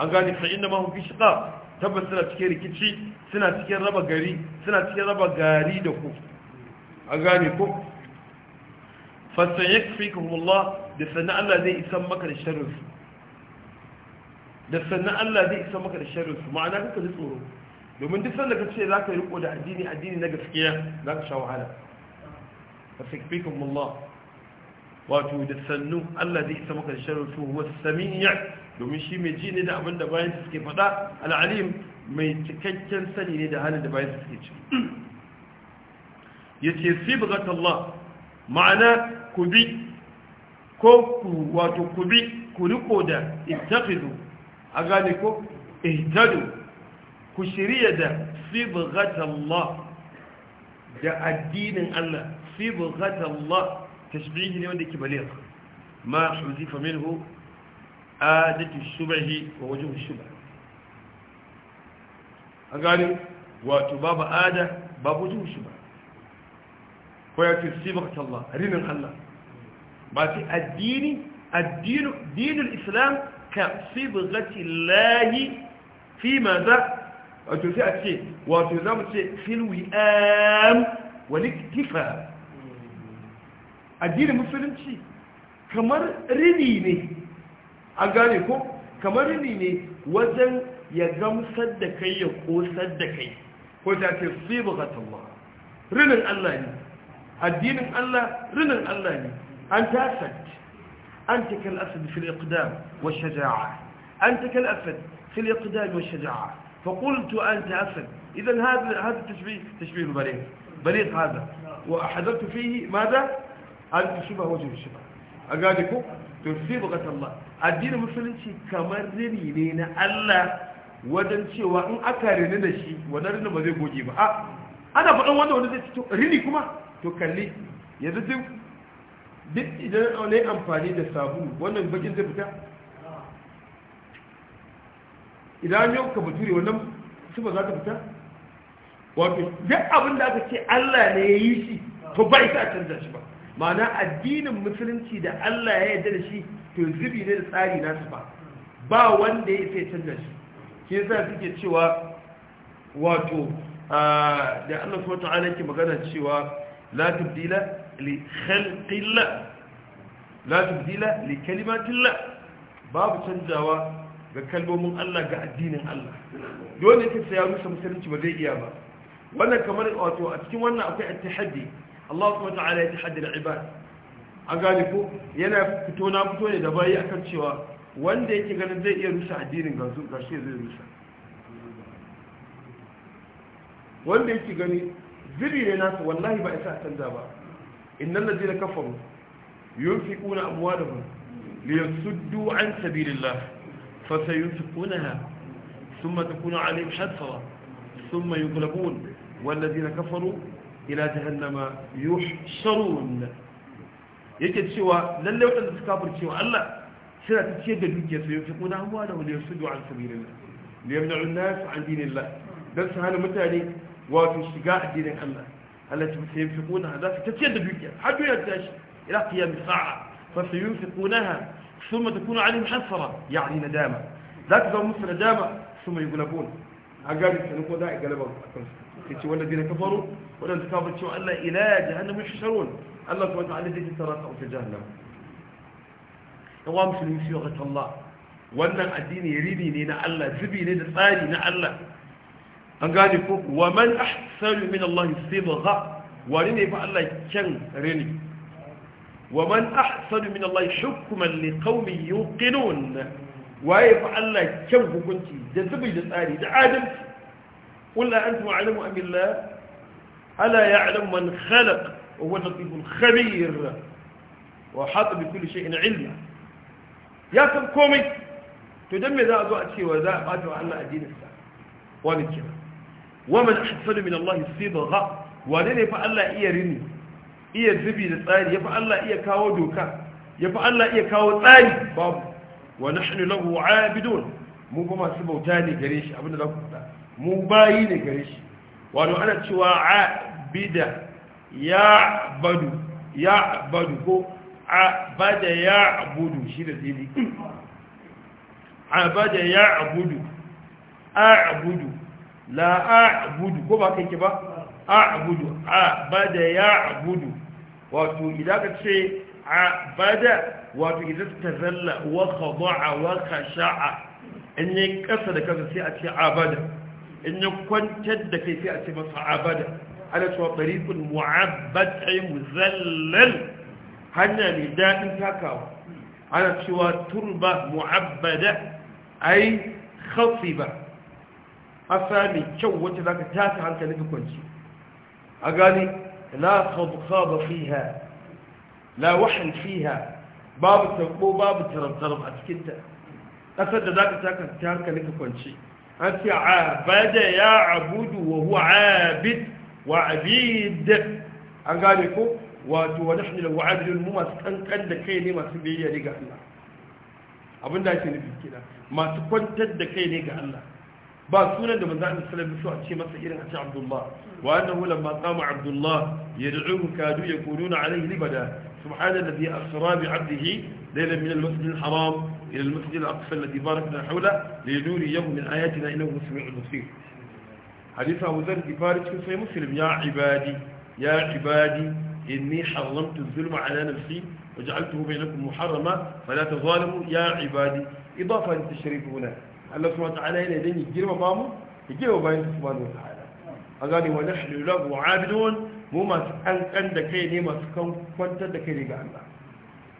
an gane fa inna ma hum fi shiqaq tabbas suna cikin rikici suna cikin raba gari suna cikin raba gari da ku an gane ku fasan yakfikahum Allah da sanna Allah zai isan maka da sharrinsu da sannan Allah zai isa maka da sharrin su ma'ana kaka ji tsoro domin duk sanda ka ce za ka riko da addini addini na gaskiya za ka sha wahala a fikfikun mullah wato da sannu Allah zai isa maka da sharrin su wasu samiyya domin shi mai ji ne da abin da bayan suke faɗa al'alim mai cikakken sani ne da halin da bayan suke ci ya ce si Allah ma'ana ku bi ko ku wato ku bi ku riko da ittaqidu أغانيكو اهتدوا كشرية ده صبغة الله ده الدين الله صبغة الله تشبعيه لي وديك بليغ ما حذف منه آدة الشبه ووجوه الشبه أغاني وتباب آدة باب وجوه الشبه ويأتي صبغة الله رمن الله ما في الدين الدين دين الإسلام ka sibghati Lahi fi maza. A wato sai a ce wato za mu ce fil wi'am wal iktifa addinin musulunci kamar rini ne a gane ko kamar rini ne wajen ya gamsar da kai ya kosar da kai ko ta ce ma. rinin Allah ne addinin Allah rinin Allah ne an tasa أنت كالأسد في الإقدام والشجاعة أنت كالأسد في الإقدام والشجاعة فقلت أنت أسد إذا هذا هذا التشبيه تشبيه بليغ بليغ هذا وحذرت فيه ماذا؟ أنت شبه وجه الشبه أقادكم تصيبغة الله addinin musulunci kamar rini ne na Allah wajen cewa in aka rini da shi wannan rinin ba وأنا goge ba ana faɗin يا wanda duk idan yi amfani da sabulu wannan bakin zai fita idan yau ka bature wannan sufa za ta fita wato duk abin da aka ce allah ne ya yi shi to ba isa canza shi ba ma'ana addinin musulunci da allah ya yarda da shi to zubi ne da tsari nasu ba ba wanda ya sai canza shi shi yasa suke cewa wato ah, da allah subhanahu wa ta'ala ke magana cewa la tabdila لخلق الله لا تبديل لكلمات babu canjawa ga kalmomin Allah ga addinin Allah dole yake sai ya rusa musulunci ba zai iya ba wannan kamar wato a cikin wannan akwai attihadi Allah subhanahu wataala ya tahaddi al-ibad an gane ko yana fito na fito ne da bayi akan cewa wanda yake ganin zai iya rusa addinin gansu gashi zai rusa wanda yake gani ziri ne nasa wallahi ba isa canza ba innal ladina kafaru yunfiquna amwalahum liyasuddu an sabilillah fasayunfiqunaha thumma takunu alayhim hasra thumma yughlabun والذين كفروا إلى جهنم يحشرون yake cewa lalle waɗanda suka furce wa Allah suna ta ciyar da dukiya su yi fiƙuna an wada wani da an sabirin da yamna nasu an dinin Allah don su hana mutane wato shiga addinin Allah التي سينفقونها ذات تتيد بك حتى يدش إلى قيام الساعة فسينفقونها ثم تكون عليهم حسرة يعني ندامة ذاك ذا مس ندامة ثم يغلبون أقال سنقول ذا يغلبون كنت والذين كفروا ولا تكابر تشوى ألا إلى جهنم يحشرون الله سبحانه وتعالى ذي تترقع في جهنم يوام سلمسي وغت الله wannan الدين يريدني ne زبي Allah zubi an gane ko wa man ahsanu min Allah sibgha wani ne fa Allah kyan rini wa man ahsanu min Allah hukman li qaumin yuqinun waye fa Allah kyan hukunci da zubi da tsari da adalci qul la antum a'lamu am billah ala ya'lamu man khalaq wa huwa latiful khabir wa hata bi kulli shay'in ilma ya san komai to dan me za a zo a cewa za a bata wa Allah addinin sa wani kenan wa man ahsanu min Allah sibgha wane ne fa Allah iya rini iya zubi da tsari ya yafi Allah iya kawo doka ya yafi Allah iya kawo tsari babu wa nahnu lahu abidun mu kuma su bauta ne gare shi abinda za ku faɗa mu bayi ne gare shi wato ana cewa abida ya badu ya badu ko abada ya abudu shi da tsini abada ya abudu a abudu la a'budu ko ba kai ki ba a'budu abada ya'budu wato idan ka ce bada wato idan ta zalla wa khada'a wa khasha'a in kasa da kasa sai a ce abada in yi kwantar da kai sai a ce masa abada ana cewa tariqul mu'abbad ay muzallal hanya mai daɗin takawa ana cewa turba mu'abbada ay khasiba hasa mai kyau wacce za ka tafi hankali ka kwanci a gani la khadkhaba fiha la wahan fiha babu tabbo babu taramtaram a cikin ta da za ka tafi hankali ka kwanci an ce abada ya abudu wa huwa abid wa abid an gane ko wato wa nahnu lahu abidun mu masu kankan da kai ne masu biyayya ne ga Allah abinda ake nufi kina masu kwantar da kai ne ga Allah ba sunan da manzo Allah sallallahu alaihi wasallam ce masa irin a ce Abdullah wa annahu lamma qama Abdullah yad'uhu kadu yakununa alayhi libada subhanallazi asra bi 'abdihi laylan min al-masjid al-haram ila al-masjid al-aqsa alladhi barakna hawla linuriyahum min ayatina innahu samii'un basir hadith Abu Dharr Ghifari cikin sai Muslim ya ibadi ya ibadi inni haramtu zulma ala nafsi وجعلته بينكم محرما فلا تظالموا يا عبادي إضافة للتشريف هنا Allah subhanahu wa ta'ala yana dan ya ba mu ya girmama bayan subhanahu wa ta'ala an gane wa da wa abidun mu masu kankan da kai ne masu kan kwantar da kai ne ga Allah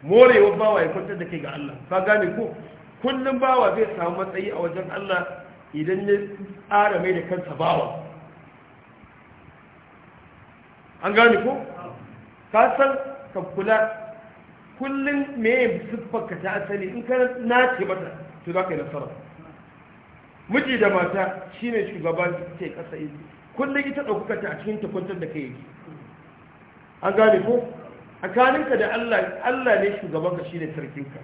morewa bawa ya kwantar da kai ga Allah ka gane ko kullum bawa zai samu matsayi a wajen Allah idan ya tsara mai da kansa bawa an gane ko ka san ka kula kullum me ka ta asali in ka nace mata to za ka yi nasara miji da mata shine shugaban ta kasa yi kullum ita ɗaukaka ta a cikin takwantar da kai yake an gane ko a kaninka da Allah Allah ne shugaban ka shine sarkinka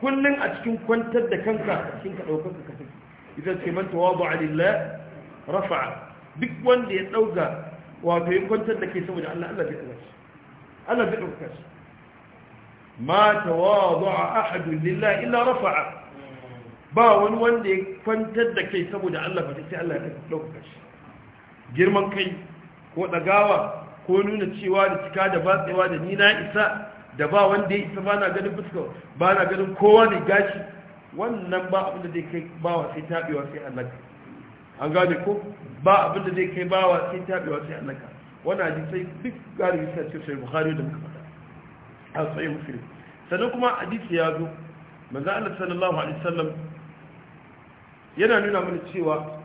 kullum a cikin kwantar da kanka a cikin ka ɗaukaka ka take idan ce man tawadu alillah rafa'a duk wanda ya ɗauka wato ya kwantar da kai saboda Allah Allah zai ɗauka Allah zai ɗauka ma tawadu ahadun lillah illa rafa'a ba wani wanda ya kwantar da kai saboda Allah ba sai Allah ya ɗaukaka shi girman kai ko ɗagawa ko nuna cewa da cika da batsewa da ni na isa da ba wanda ya isa ba na ganin fuska ba na ganin kowa ne gashi wannan ba abin da zai kai bawa sai taɓewa sai Allah an gane ko ba abin da zai kai bawa sai taɓewa sai Allah wannan sai duk galibi sai cikin sai bukhari da muka faɗa a sai muslim sannan kuma hadisi ya zo manzo Allah sallallahu alaihi wasallam yana nuna mana cewa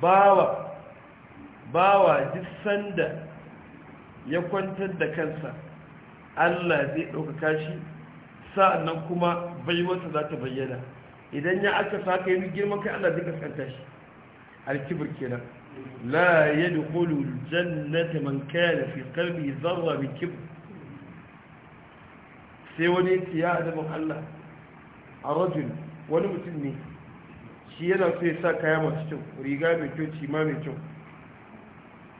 bawa bawa duk sanda ya kwantar da kansa Allah zai ɗaukaka shi sa'annan kuma baiwarsa za ta bayyana idan ya aka saka yi girman kai Allah zai kaskanta shi alkibir kenan la yadkhulu aljannata man kana fi qalbi zarra min kibr sai wani ya adamu Allah a wani mutum ne shi yana so ya sa kaya masu kyau riga mai kyau cima mai kyau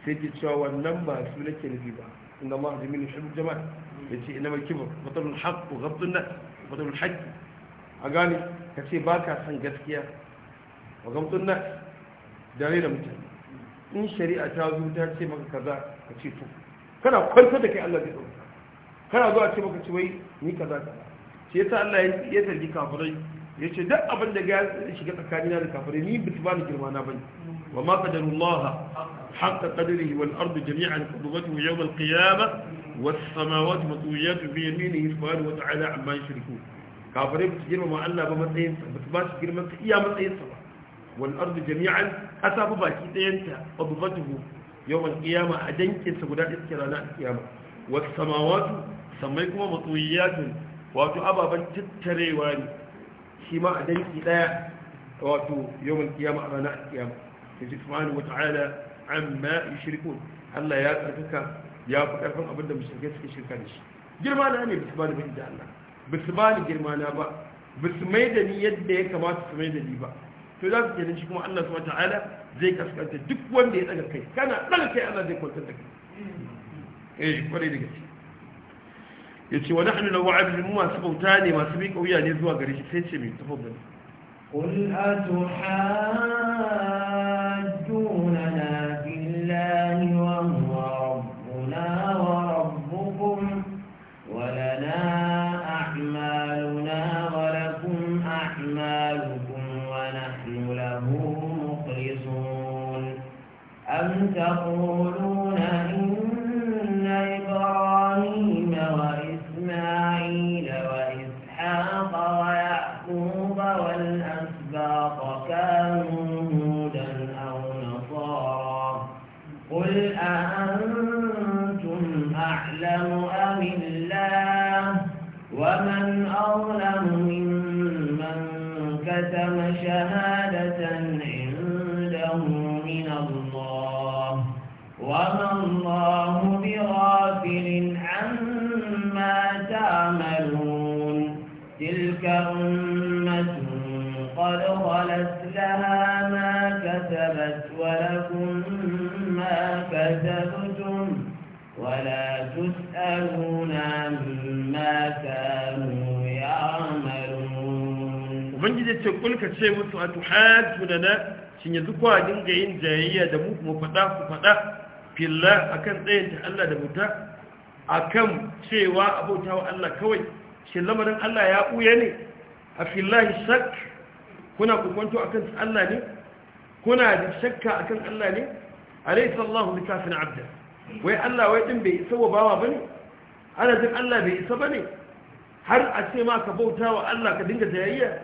sai ke cewa wannan ba su nake nufi ba inda ma hajjami ne shirin jama'a ya ce ina maki ba, matsalin haƙƙo gabtun nan matsalin haƙƙi a gane ka ce ba ka san gaskiya wa gabtun nan dare da mutane in shari'a ta zo ta ce maka kaza ka ce to kana kwanta da kai Allah zai ɗauka kana zuwa ce maka ce wai ni kaza kaza ce ta Allah ya zargi kafirai ya ce duk abin da ga shiga tsakanina da kafare ni bisu ba ni girma na bane wa ma qadarullaha haqqa qadrihi wal ardu jami'an qadwatuhu yawm al qiyamah was samawati matwiyatun bi yaminihi subhanahu wa ta'ala amma yushrikun kafare bisu girma ma Allah ba matsayin sa bisu ba shi girman sa iya matsayin sa ba wal ardu jami'an kasa ba baki dayanta qadwatuhu yawm al qiyamah a dankin sa guda ɗaya rana kiyama qiyamah was samawati sammai kuma matwiyatun wato ababan tattarewa ne shi ma a danki daya wato yawon kiyama a ranar kiyama da ji subhanahu wata'ala amma yushrikun Allah ya tsarkaka ya fi karfin abin da mushrikai suke shirka da shi girma na ne bisu ba da da Allah bisu ba ni girma na ba bisu mai da ni yadda ya kamata su mai da ni ba to za su kenan shi kuma Allah subhanahu wata'ala zai kaskanta duk wanda ya daga kai kana daga kai Allah zai kwantar da kai eh kwarai da gaske ya ce wani hannu lawa abin mu masu bauta ne masu miƙa wuya ne zuwa gare shi sai ce mai tafi bane قل أتحاجوننا kulka ce musu a tuhajjuna na shin yanzu kwa dinga yin jayayya da mu kuma faɗa ku faɗa filla akan tsayin ta Allah da muta kan cewa abota wa Allah kawai shin lamarin Allah ya buya ne a fillahi shak kuna kukwanto a kan Allah ne kuna da shakka a kan Allah ne alaysa Allahu bikafin abda wai Allah wai ɗin bai isa wa bawa ne? ana jin Allah bai isa ba ne? har a ce ma ka wa Allah ka dinga jayayya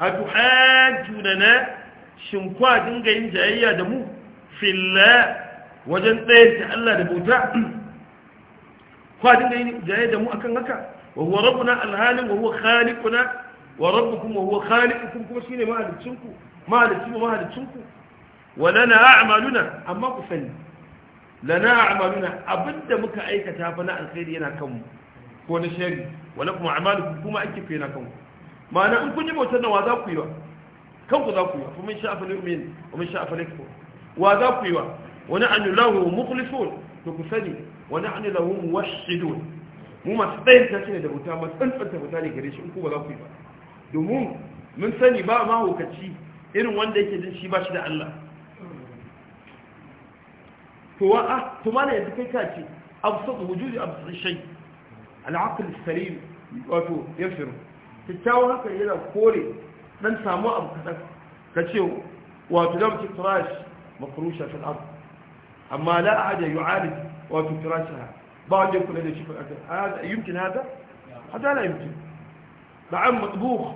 hatuhajjunana shin shinkwa dinga yin jayayya da mu filla wajen tsaye ta Allah da bauta kwa dinga yin jayayya da mu akan haka wa huwa rabbuna alhalin wa huwa khaliquna wa rabbukum wa huwa khaliqukum kuma shine mahalicinku mahalicinku mahalicinku wa lana a'maluna amma ku sani lana a'maluna abinda muka aikata fa na alkhairi yana kanmu ko na shari wa lakum a'malukum kuma ake fa yana kanku ma'ana in kun yi bautar nan wa za ku yi wa kanku za ku yi wa kuma sha ne, umin kuma sha afali ku wa za ku yi wa wani an lahu mukhlisun to ku sani wani an lahu muwahhidun mu masu tsayin ta ne da bauta masu tsantsanta bauta ne gare shi in ku ba za ku yi ba domin mun sani ba ma hukaci irin wanda yake jin shi ba shi da Allah to wa a ah, to mana yanzu kai ka ce Abu absatu wujudi Abu shay al-aql as-salim wato yafiru kyakkyawan hankali yana kore dan samu abu kaɗan ka ce wato zama ci turash mafarusha fil abu amma la ahada yu'alij wato turashaha ba wanda ya kula da shi faɗa hada yumkin hada hada la yumkin طعام مطبوخ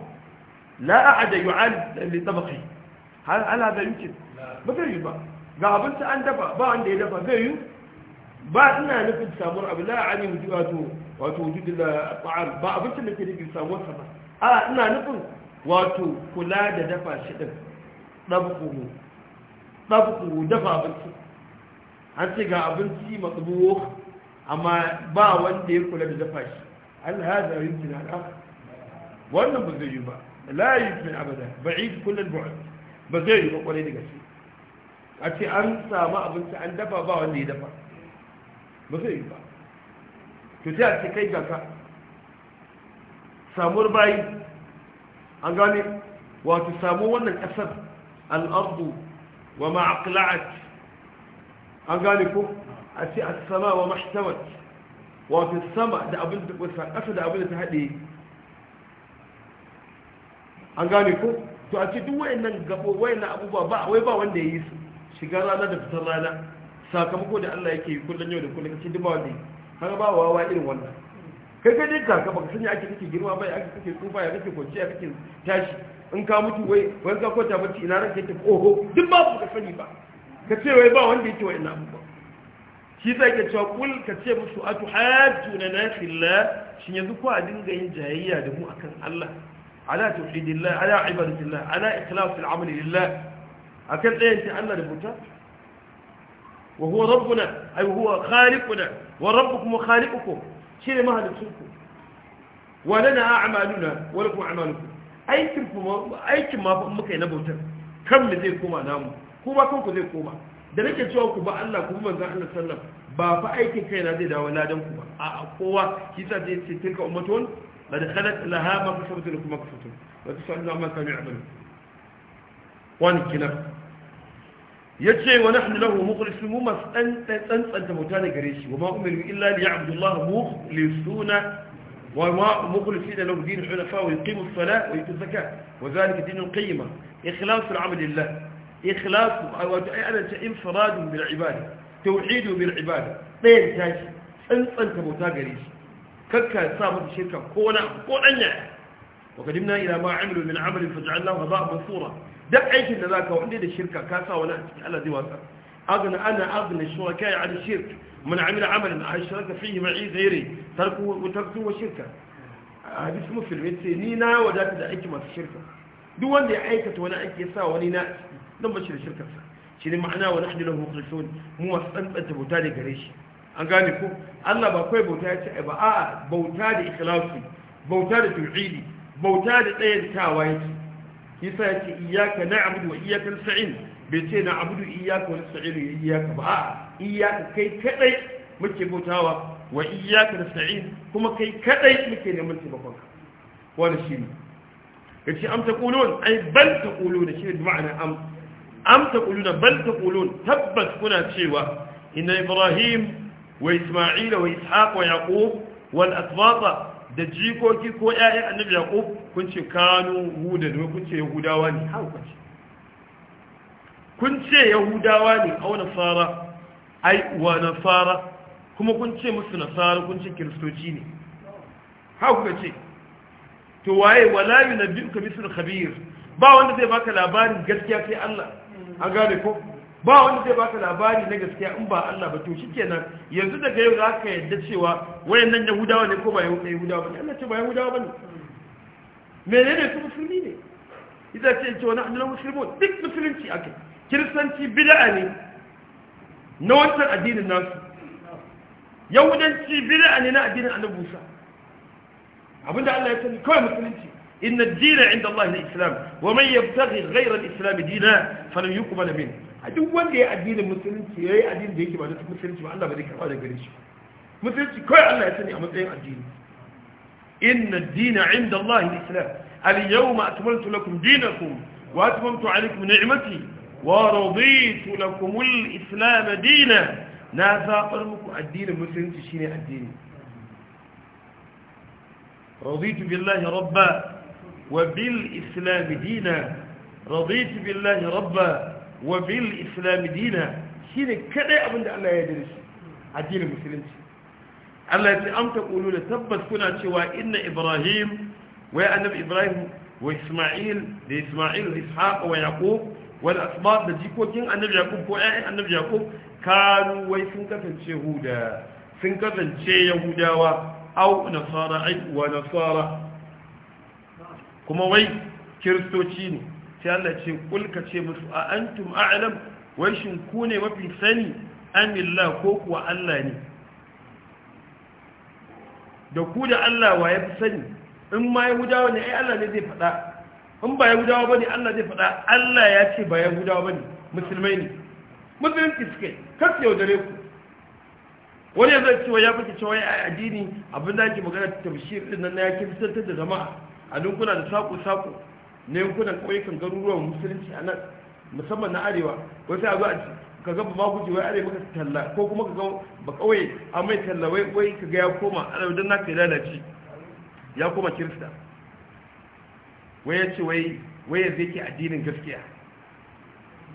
لا أحد يعالج لطبقه هل, هل هذا يمكن؟ ba zai yi ba ga abinci an dafa ba wanda ya dafa zai yi ba ina nufin samuwar abu la ani mu wato wato wujudin da ba'ar ba abincin da ke nufin samuwarsa sama. a ina nufin wato kula da dafa shi ɗin ɗabkuhu ɗabkuhu dafa abinci an ce ga abinci matsubuwo amma ba wanda ya kula da dafa shi An alhaza yankin al'afa wannan ba zai yi ba la yi min abada ba'id kullum bu'ad ba zai yi ba kwarai daga shi. a ce an samu abinci an dafa ba wanda ya dafa ba zai yi ba to sai a ce kai gaka samuwar bayi an gane wato samu wannan kasar al'ardu wa ma'aqla'at an gane ko a ce a sama wa mahtawat wato sama da abin da kusa kasa da abin da ta haɗe. an gane ko to a ce duk wayannan gabo wayannan abubuwa ba wai ba wanda yi su shiga rana da fitar rana sakamako da Allah yake yi kullum yau da kullum kace duk ba wanda kaga ba wawa irin wannan kai kai dai ka baka sanya ake kake girma bai ake kake tsufa ya kake kwanci ya kake tashi in ka mutu wai wai ka kwanta bacci ina ranka yake oho duk babu ka sani ba ka ce wai ba wanda yake wa'annan abubuwa shi zai ka cewa kul ka ce musu atu, tu hajju na nafila shi yanzu ko a dinga yin jayayya da mu akan Allah ala tauhidillah ala ibadatillah ala ikhlasil amali lillah akan tsayin ta Allah da bauta wa huwa rabbuna ay huwa khaliquna wa rabbukum khaliqukum shine mahalicinku wa lana a'maluna wa lakum a'malukum aikin kuma aikin ma fa muka yi bautar kan mu zai koma namu ku ba kanku zai koma da nake cewa ku ba Allah ku manzon Allah sallallahu ba fa aikin kaina zai dawo ladan danku ba a kowa kisa zai ce لها ما كسبت لكم ما كسبتم وتسألنا ما كانوا يعملون وان كلام yace wa nahnu lahu mukhlisun mu masan dan tsanta mutane gare shi wa ma umiru illa li ya'budu Allah mukhlisuna wa ma mukhlisina lahu dinu hunafa wa yuqimu as-salata wa yutu az-zakata wa dhalika dinu qayyima ikhlas al-amal lillah ikhlas wa ana ta infirad bil ibada tauhid bil ibada dayan tashi tsantsanta mutane gare shi kakka sa mata shirka ko na ko danya wa qadimna ila ma amilu min amalin faj'alnahu ghadan mansura duk aikin da za ka wanda da shirka ka sa wani a cikin Allah zai wasa agna ana agna shuraka ya ala shirk man amila amalan ashraka fihi ma'i ghairi tarku tarku wa shirka hadis muslim yace ni na wadata da aiki masu shirka duk wanda ya aikata wani aiki ya sa wani na nan bashi da shirkar sa shi ne ma'ana wa nahnu lahu mukhlisun mu wasu tsantsanta bauta da gare shi an gane ko Allah ba kai bauta ya ce ba a bauta da ikhlasi bauta da tauhidi bauta da tsayyantawa yake yasa yake iyyaka na'budu wa iyyaka nasta'in bai ce na abudu iyyaka wa nasta'in iyaka ba iyaka kai kadai muke bautawa wa iyyaka nasta'in kuma kai kadai muke neman taimakon ka wannan shine kace am taqulun ai bal taquluna shi da ma'ana am am taquluna bal taqulun tabbas kuna cewa inna ibrahim wa isma'ila wa ishaq wa yaqub wal asbata da jikoki ko ƴaƴan annabi yaqub kun ce kanu huda ne kun ce yahudawa ne ha kun ce kun ce yahudawa ne au fara ai wa na fara? kuma kun ce musu fara kun ce kristoci ne ha ku ce to waye wala ka bisul khabir ba wanda zai baka labarin gaskiya sai Allah an gane ko ba wanda zai baka labari na gaskiya in ba Allah ba to shikenan yanzu daga yau za ka yadda cewa wayannan yahudawa ne ko ba yahudawa ba Allah ce ba yahudawa ba ne menene su musulmi ne idan ce ce wani annabawa musulmi duk musulunci ake kiristanci bid'a ne na wancan addinin nasu yahudanci bid'a ne na addinin annabi Musa abinda Allah ya sani kawai musulunci inna dina 'inda Allah al-islam wa man yabtaghi ghayra al-islam dinan falan yuqbal minhu a duk wanda ya addinin musulunci ya yi addinin da yake ba na musulunci ba Allah ba zai karɓa da gare shi musulunci kawai Allah ya sani a matsayin addini inna dina inda Allah islam al-yawma atmamtu lakum dinakum wa atmamtu alaykum ni'mati wa raditu lakum al-islam dina na zabar muku addinin musulunci shine addini raditu billahi rabba wa bil islam dina raditu billahi rabba wa bil islam dina shine kadai abinda Allah ya yarda shi addinin musulunci Allah ya ce am da tabbas kuna cewa inna ibrahim wa annabi ibrahim wa isma'il da isma'il ishaq wa yaqub wal asbab da jikokin annabi yaqub ko ayyan annabi yaqub kanu wai sun kasance huda sun kasance yahudawa au nasara ai wa nasara kuma wai kiristoci ne sai Allah ce kulka ce musu a antum a'lam wai shin ku ne mafi sani amilla ko kuwa Allah ne da ku da Allah wa ya fi sani in ma yahudawa ne ai Allah ne zai faɗa in ba yahudawa bane Allah zai faɗa Allah ya ce ba yahudawa bane musulmai ne musulunci suke kasu yaudare ku wani ya zai cewa ya fi cewa ya addini abin da ake magana tafshir din nan ya kirkisantar da jama'a a dukkan da saƙo-saƙo na yankunan ƙauyukan garuruwan musulunci a nan musamman na arewa sai a zo a ci, ka ga ba guje wai arewa ka talla ko kuma ka ga ba ƙauye a mai talla wai wai ka ga ya koma arewa don naka ya lalace ya koma kirista wai ya ce wai wai yanzu yake addinin gaskiya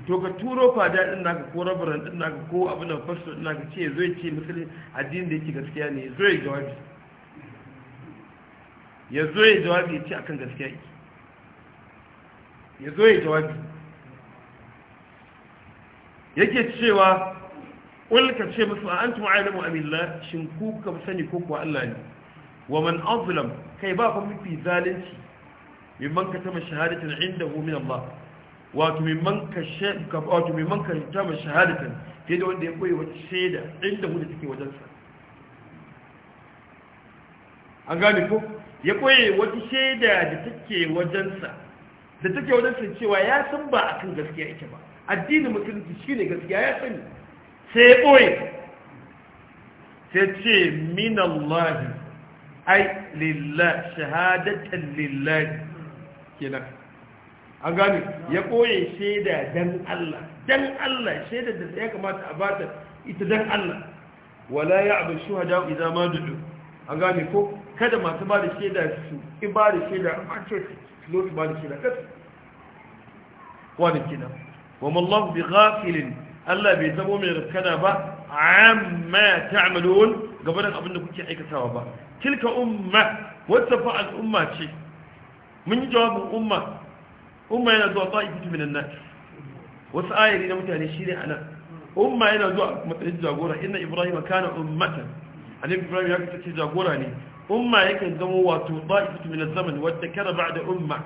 to ka turo fada din naka ko rabaran din naka ko abin da fasto din naka ce zo ce musulmi addinin da yake gaskiya ne zo ya jawabi ya zo ya jawabi ya ce akan gaskiya yake ya zo ya jawabi yake cewa ƙulka ce musu a an tuma ainihin amilla shin kuka ka sani ko kuwa Allah ne wa man azlam kai ba fa mafi zalunci mimman ka tama shahadatin inda hu min Allah wato mimman ka wato mimman ka tama shahadatin fiye da wanda ya koyi wata shaida inda hu da take wajensa an gane ko ya koyi wata shaida da take wajensa da take wajen cewa ya san ba akan gaskiya yake ba addinin musulunci ne gaskiya ya sani sai ya ɓoye sai ce minallahi ai lillah shahadatan lillahi kenan an gane ya ɓoye shaida dan Allah dan Allah shaida da ya kamata a bata ita dan Allah wala ya abu shuhada idza ma dudu an gane ko kada masu ba da shaida su in ba da shaida a ce lori maliki na kasu wani kina wa mallahu bi ghafilin Allah bai zamo mai rafkana ba amma ta'malun gabanin abin da kuke aikatawa ba tilka umma wata fa al'umma ce mun yi jawabin umma umma yana zuwa ta'ifatu minan nas wasu ayari na mutane shine anan umma yana zuwa matsayin jagora inna ibrahim kana ya kace jagora ne أمة يكن زموا طائفة من الزمن واتكر بعد أمة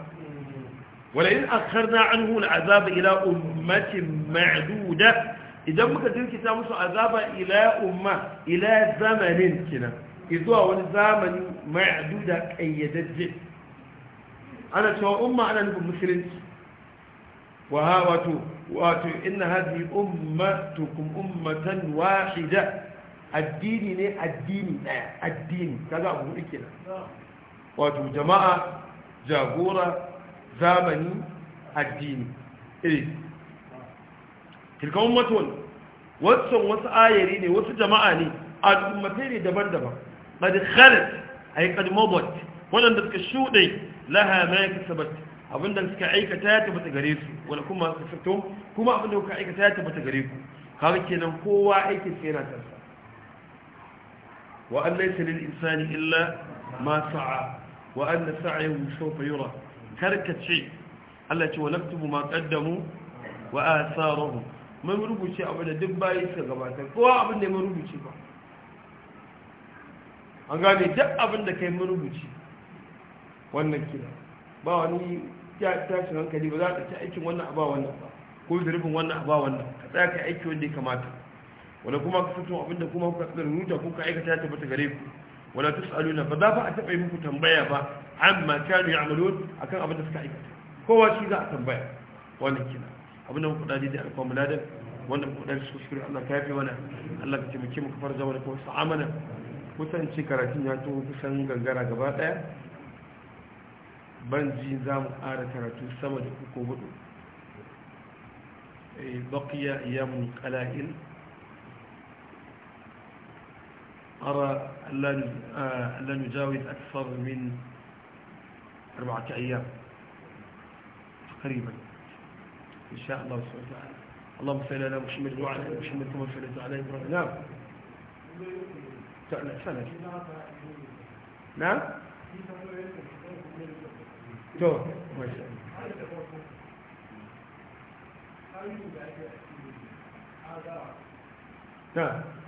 ولئن أخرنا عنه العذاب إلى أمة معدودة إذا مكتب كتاب مصر عذاب إلى أمة إلى زمن كنا إذا هو الزمن معدودة أي يدد أنا سوى أمة أنا نقول مسلم وهاوة وآتوا إن هذه أمتكم أمة واحدة addini ne addini ɗaya addini kaga abu hudu kenan wato jama'a jagora zamani addini irin eh. tilka ummatun wasu wasu ayari ne wasu jama'a ne al'ummatai ne daban-daban qad khalat ay qad mabat wadanda suka shude laha ma kasabat abinda suka aikata ya tabbata gare su wala kuma suka fito kuma abinda suka aikata ya tabbata gare ku kaga kenan kowa aikin sai yana tsara wa an laysa lil insani illa ma sa'a wa anna sa'yahu sawfa yura karkace Allah ce wa naktubu ma qaddamu wa atharuhu mun rubuce abin da duk bayi suka gabatar ko abin da mun rubuce ba an gane duk abin da kai mun rubuce wannan kira ba wani tashin hankali ba za ka ci aikin wannan ba wannan ba ko zurfin wannan ba wannan ka tsaya ka aiki wanda ya kamata wala kuma ka fito abinda kuma kuka tsirnuta kuka aikata ta bata gare ku wala tusaluna ba za ba a taɓa yi muku tambaya ba amma kanu ya'malun akan abin da suka aikata kowa shi za a tambaya wannan kina abinda muku dadi da alƙawarin ladan wannan muku dadi su shiru Allah ka yafe mana Allah ka taimake mu kafar zama da kuma sa'a kusan ci karatun ya to kusan gangara gaba daya ban ji za mu ƙara karatu sama da uku hudu eh, baqiya iyamun qala'il أرى لا آه، نجاوز أكثر من أربعة أيام تقريبا إن شاء الله سبحانه وتعالى اللهم صل على محمد وعلى آل محمد كما صليت على إبراهيم نعم سنة نعم تو ما شاء الله نعم